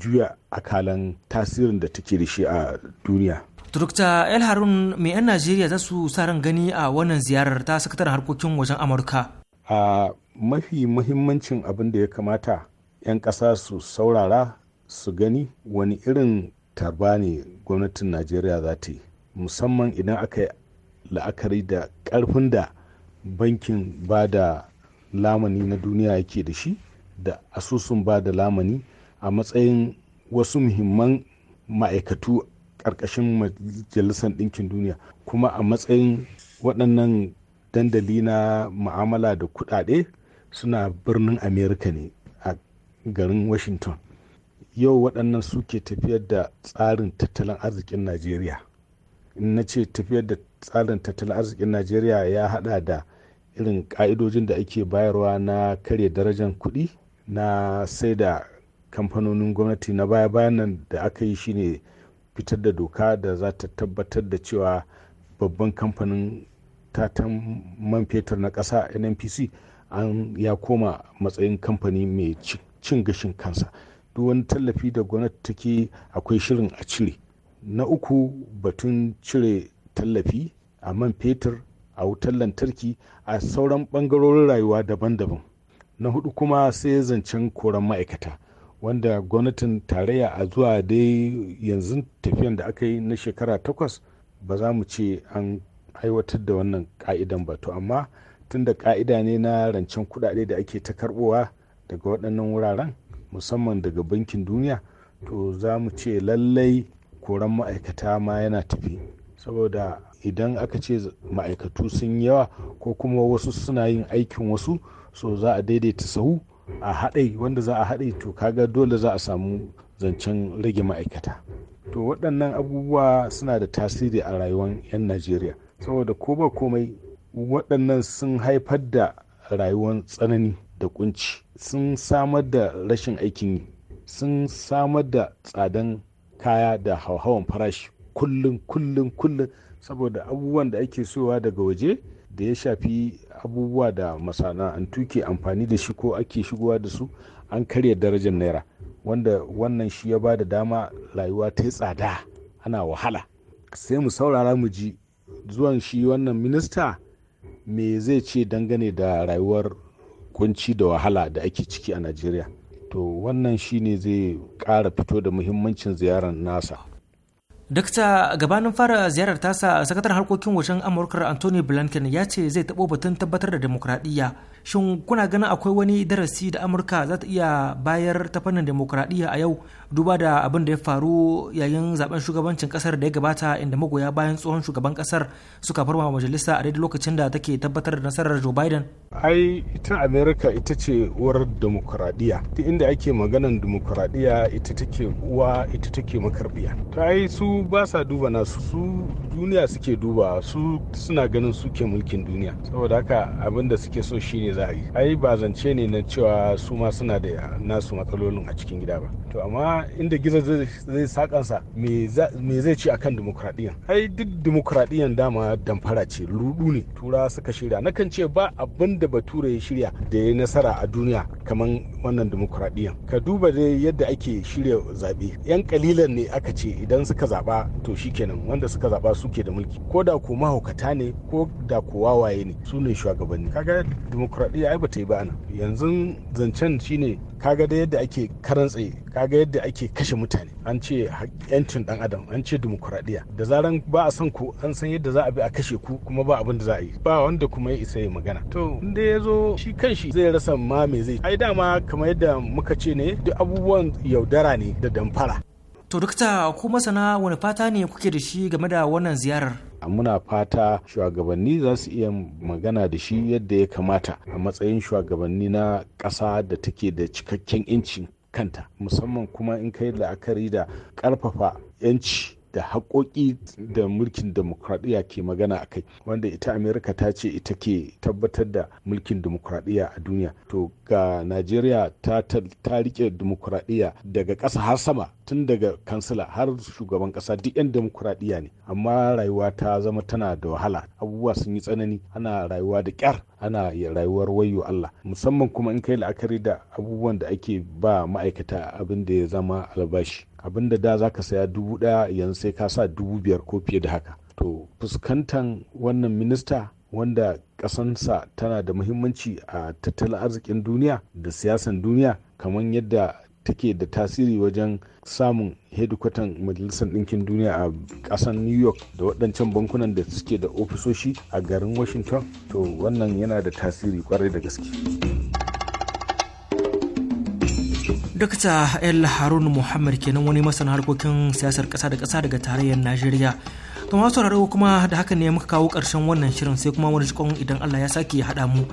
juya akalan tasirin da take da shi a duniya Dr. El Harun mai 'yan Najeriya za su sa ran gani a wannan ziyarar ta sakataren harkokin wajen Amurka. A mafi muhimmancin abin da ya kamata 'yan ƙasa su saurara su gani wani irin tarba ne gwamnatin najeriya za ta yi musamman idan aka yi la'akari da ƙarfin da bankin ba da lamani na duniya yake da shi da asusun ba da lamani a matsayin wasu muhimman ma'aikatu ƙarƙashin majalisar ɗinkin duniya kuma a matsayin waɗannan dandali na ma'amala da kuɗaɗe suna birnin amerika ne garin washington yau waɗannan suke tafiyar da tsarin tattalin arzikin najeriya na ce tafiyar da tsarin tattalin arzikin najeriya ya hada da irin ƙa'idojin da ake bayarwa na kare darajar kuɗi na sai da kamfanonin gwamnati na baya-bayan nan da aka yi shine fitar da doka da za ta tabbatar da cewa babban kamfanin tatan man fetur na ƙasa nnpc an ya koma matsayin kamfani mai cik cin gashin kansa duk wani tallafi da gwamnati take akwai shirin a cire na uku batun cire tallafi a man fetur a wutar lantarki a sauran bangarorin rayuwa daban-daban na hudu kuma sai zancen koran ma'aikata wanda gwamnatin tarayya a zuwa dai yanzu tafiyan da aka yi na shekara takwas ba za mu ce an aiwatar da wannan ka'idan ba to amma tunda da ka'ida ne na rancen kudade da ake ta karbowa daga waɗannan wuraren musamman daga bankin duniya to za mu ce lallai koran ma'aikata ma yana tafi saboda idan aka ce ma'aikatu sun yawa ko kuma wasu suna yin aikin wasu so za a daidaita sahu a haɗe wanda za a haɗe to kaga dole za a samu zancen rage ma'aikata to waɗannan abubuwa suna da tasiri a rayuwar 'yan najeriya saboda ko ba komai waɗannan sun haifar da rayuwar tsanani da kunci sun samar da rashin aikin yi sun samar da tsadan kaya da hauhawan farashi kullum kullum kullum saboda abubuwan da ake sowa daga waje da ya shafi abubuwa da masana'antu ke amfani da shi ko ake shigowa da su an karya darajar naira wanda wannan shi ya ba da dama rayuwa ta yi tsada ana wahala sai mu saurara mu ji zuwan shi wannan minista me zai ce dangane da rayuwar kunci da wahala da ake ciki a najeriya to wannan shi ne zai kara fito da muhimmancin ziyarar nasa Dakta gabanin fara ziyarar tasa sakatar harkokin wajen amurka Anthony Blinken ya ce zai taɓo batun tabbatar da demokradiyya. Shin kuna ganin akwai wani darasi da Amurka za ta iya bayar ta fannin demokradiyya a yau duba da abin da ya faru yayin zaben shugabancin kasar da ya gabata inda magoya bayan tsohon shugaban kasar suka farma majalisa a daidai lokacin da take tabbatar da nasarar joe biden ai ita america ita ce uwar demokuraɗiyya ta inda ake maganan demokuraɗiyya ita take uwa ita take makarbiya ta ai su ba sa duba nasu su duniya suke duba su suna ganin suke mulkin duniya saboda haka abin da suke so shine za a yi ai ba zance ne na cewa su ma suna da nasu matsalolin a cikin gida ba to amma inda gizo zai sakansa me zai ci akan demokradiyyar ai duk demokradiyyar dama damfara ce rudu ne tura suka shirya nakan ce ba abin da bature ya shirya da ya nasara a duniya kamar wannan demokradiyyar ka duba dai yadda ake shirya zaɓe yan kalilan ne aka ce idan suka zaɓa to shikenan wanda suka zaɓa suke da mulki ko da ko mahaukata ne ko da ko wawaye ne su ne shugabanni kaga demokradiyya ai bata yi ba ana yanzu zancen shine kaga da yadda ake karan tsaye kaga yadda ake kashe mutane an ce yancin dan adam an ce demokuraɗiyya da zaran ba a son ku an san yadda za a bi a kashe ku kuma ba abin da za a yi ba wanda kuma ya isa ya magana to inda ya zo shi kanshi zai rasa ma me zai ai dama kamar yadda muka ce ne duk abubuwan yaudara ne da damfara to dukta ko masana wani fata ne kuke da shi game da wannan ziyarar a muna fata shugabanni za su iya magana da shi yadda ya kamata a matsayin shugabanni na ƙasa da take da cikakken 'yancin kanta musamman kuma in kai la'akari da ƙarfafa 'yanci da haƙoƙi da mulkin demokradiyya ke magana a kai wanda ita amerika ta ce ita ke tabbatar da mulkin demokradiyya a duniya to ga najeriya ta, ta, rike demokradiyya daga ƙasa har sama tun daga kansila har shugaban ƙasa duk 'yan demokradiyya ne amma rayuwa ta zama tana da wahala abubuwa sun yi tsanani ana rayuwa da ƙyar ana rayuwar wayo Allah musamman kuma in kai la'akari da abubuwan da ake ba ma'aikata abin da ya zama albashi abin da da zaka saya dubu daya yanzu sai ka sa dubu biyar ko fiye da haka to fuskantan wannan minista wanda kasansa tana da muhimmanci a tattalin arzikin duniya da siyasan duniya kamar yadda take da tasiri wajen samun hedikwatan majalisar ɗinkin duniya a ƙasar new york da waɗancan bankunan da suke da ofisoshi a garin washington to wannan yana da tasiri kwarai da gaske Dokta El Harun Muhammad kenan wani masana harkokin siyasar ƙasa da kasa daga tarayyar Najeriya. To masu sauraro kuma da haka ne muka kawo ƙarshen wannan shirin sai kuma wani jikon idan Allah ya sake haɗa mu.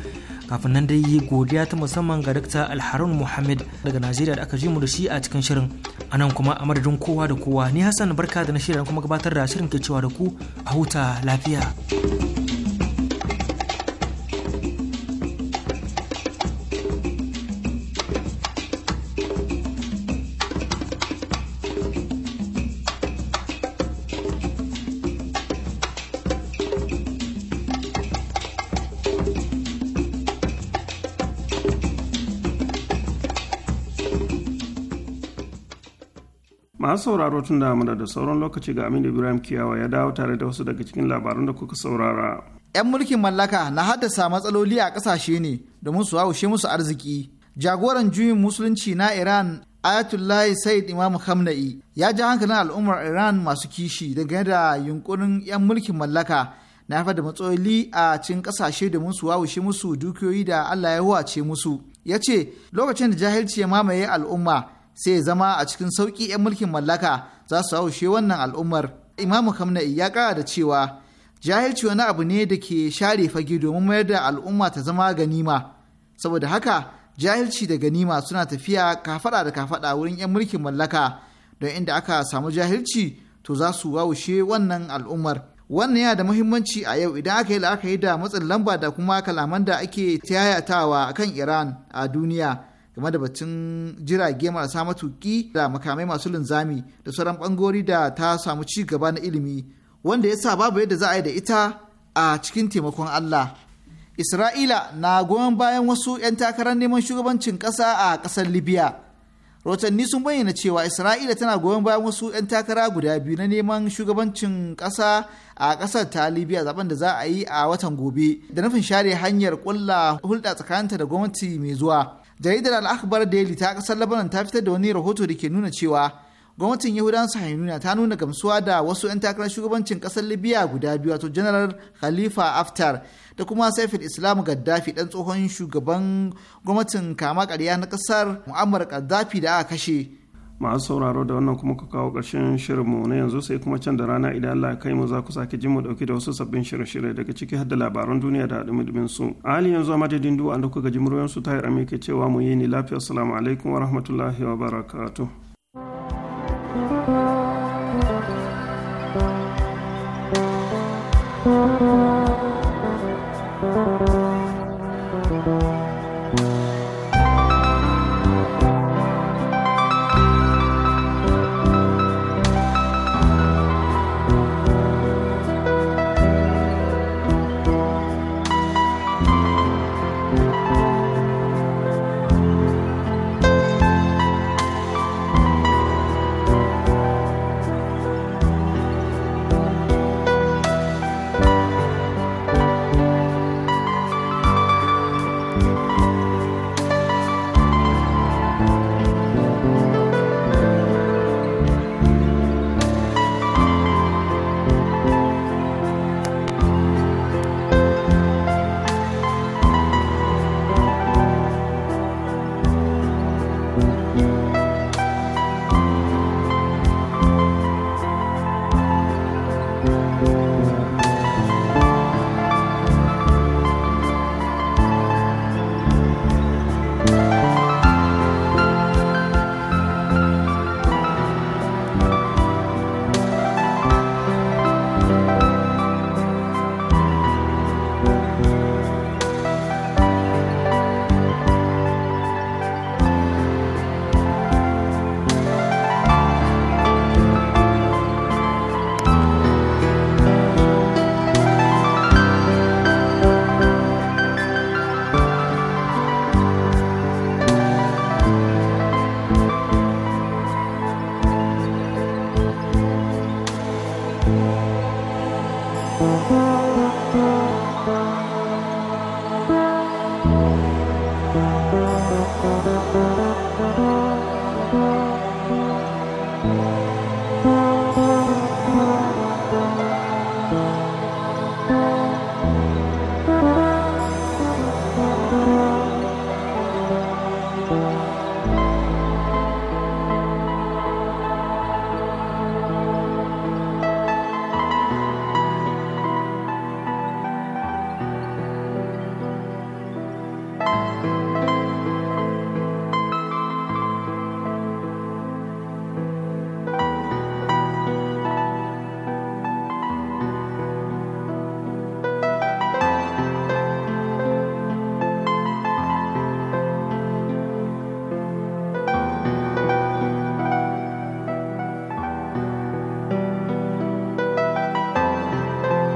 kafin nan dai yi godiya ta musamman ga Dr. Alharun Muhammad daga Najeriya da aka ji mu da shi a cikin shirin a nan kuma a madadin kowa da kowa ni Hassan barka da na shirin kuma gabatar da shirin ke cewa da ku a huta lafiya. masu sauraro tun da da sauran lokaci ga aminu ibrahim kiyawa ya dawo tare da wasu daga cikin labarun da kuka saurara yan mulkin mallaka na haddasa matsaloli a kasashe ne domin su haushe musu arziki jagoran juyin musulunci na iran ayatullahi said imam khamenei ya ji hankalin al'ummar iran masu kishi daga da yunkurin yan mulkin mallaka na haifar da matsaloli a cikin kasashe domin su haushe musu dukiyoyi da allah ya huwace musu ya ce lokacin da jahilci ya mamaye al'umma sai zama a cikin sauƙi 'yan mulkin mallaka za su haushe wannan al'ummar. Imamu Kamna'i ya ƙara da cewa jahilci wani abu ne da ke share fage domin mayar da al'umma ta zama ganima. Saboda haka jahilci da ganima suna tafiya kafaɗa da kafaɗa wurin 'yan mulkin mallaka don inda aka samu jahilci to za su haushe wannan al'ummar. wannan yana da muhimmanci a yau idan aka yi la'akari da matsin lamba da kuma kalaman da ake tayatawa kan iran a duniya game da batun jirage marasa matuki da makamai masu linzami da sauran bangori da ta samu ci gaba na ilimi wanda ya sa babu yadda za a yi da ita a cikin taimakon Allah. Isra'ila na goyon bayan wasu 'yan takarar neman shugabancin ƙasa a kasar Libya. Rotanni sun bayyana cewa Isra'ila tana goyon bayan wasu 'yan takara guda biyu na neman shugabancin kasa a ƙasar ta Libya zaben da za a yi a watan gobe da nufin share hanyar ƙulla hulɗa tsakaninta da gwamnati mai zuwa. jaridar al'akbar daily ta kasar labanan ta fitar da wani rahoto da ke nuna cewa gwamnatin yahudan sahainuna ta nuna gamsuwa da wasu 'yan takarar shugabancin kasar libya guda biyu wato general khalifa aftar da kuma saifin islam gaddafi dan tsohon shugaban gwamnatin kama karya na kasar mu'ammar gaddafi da aka kashe masu sauraro da wannan kuma ka kawo ƙarshen mu na yanzu sai kuma can da rana idan Allah kai mu za ku sake jin mu dauki da wasu sabbin shirye-shirye daga ciki har da labaran duniya da dumin su a hali yanzu a madadin duwa da kuka ji muryoyin su ta yi cewa mu yi ni lafiya assalamu alaikum wa rahmatullahi wa barakatu. thank you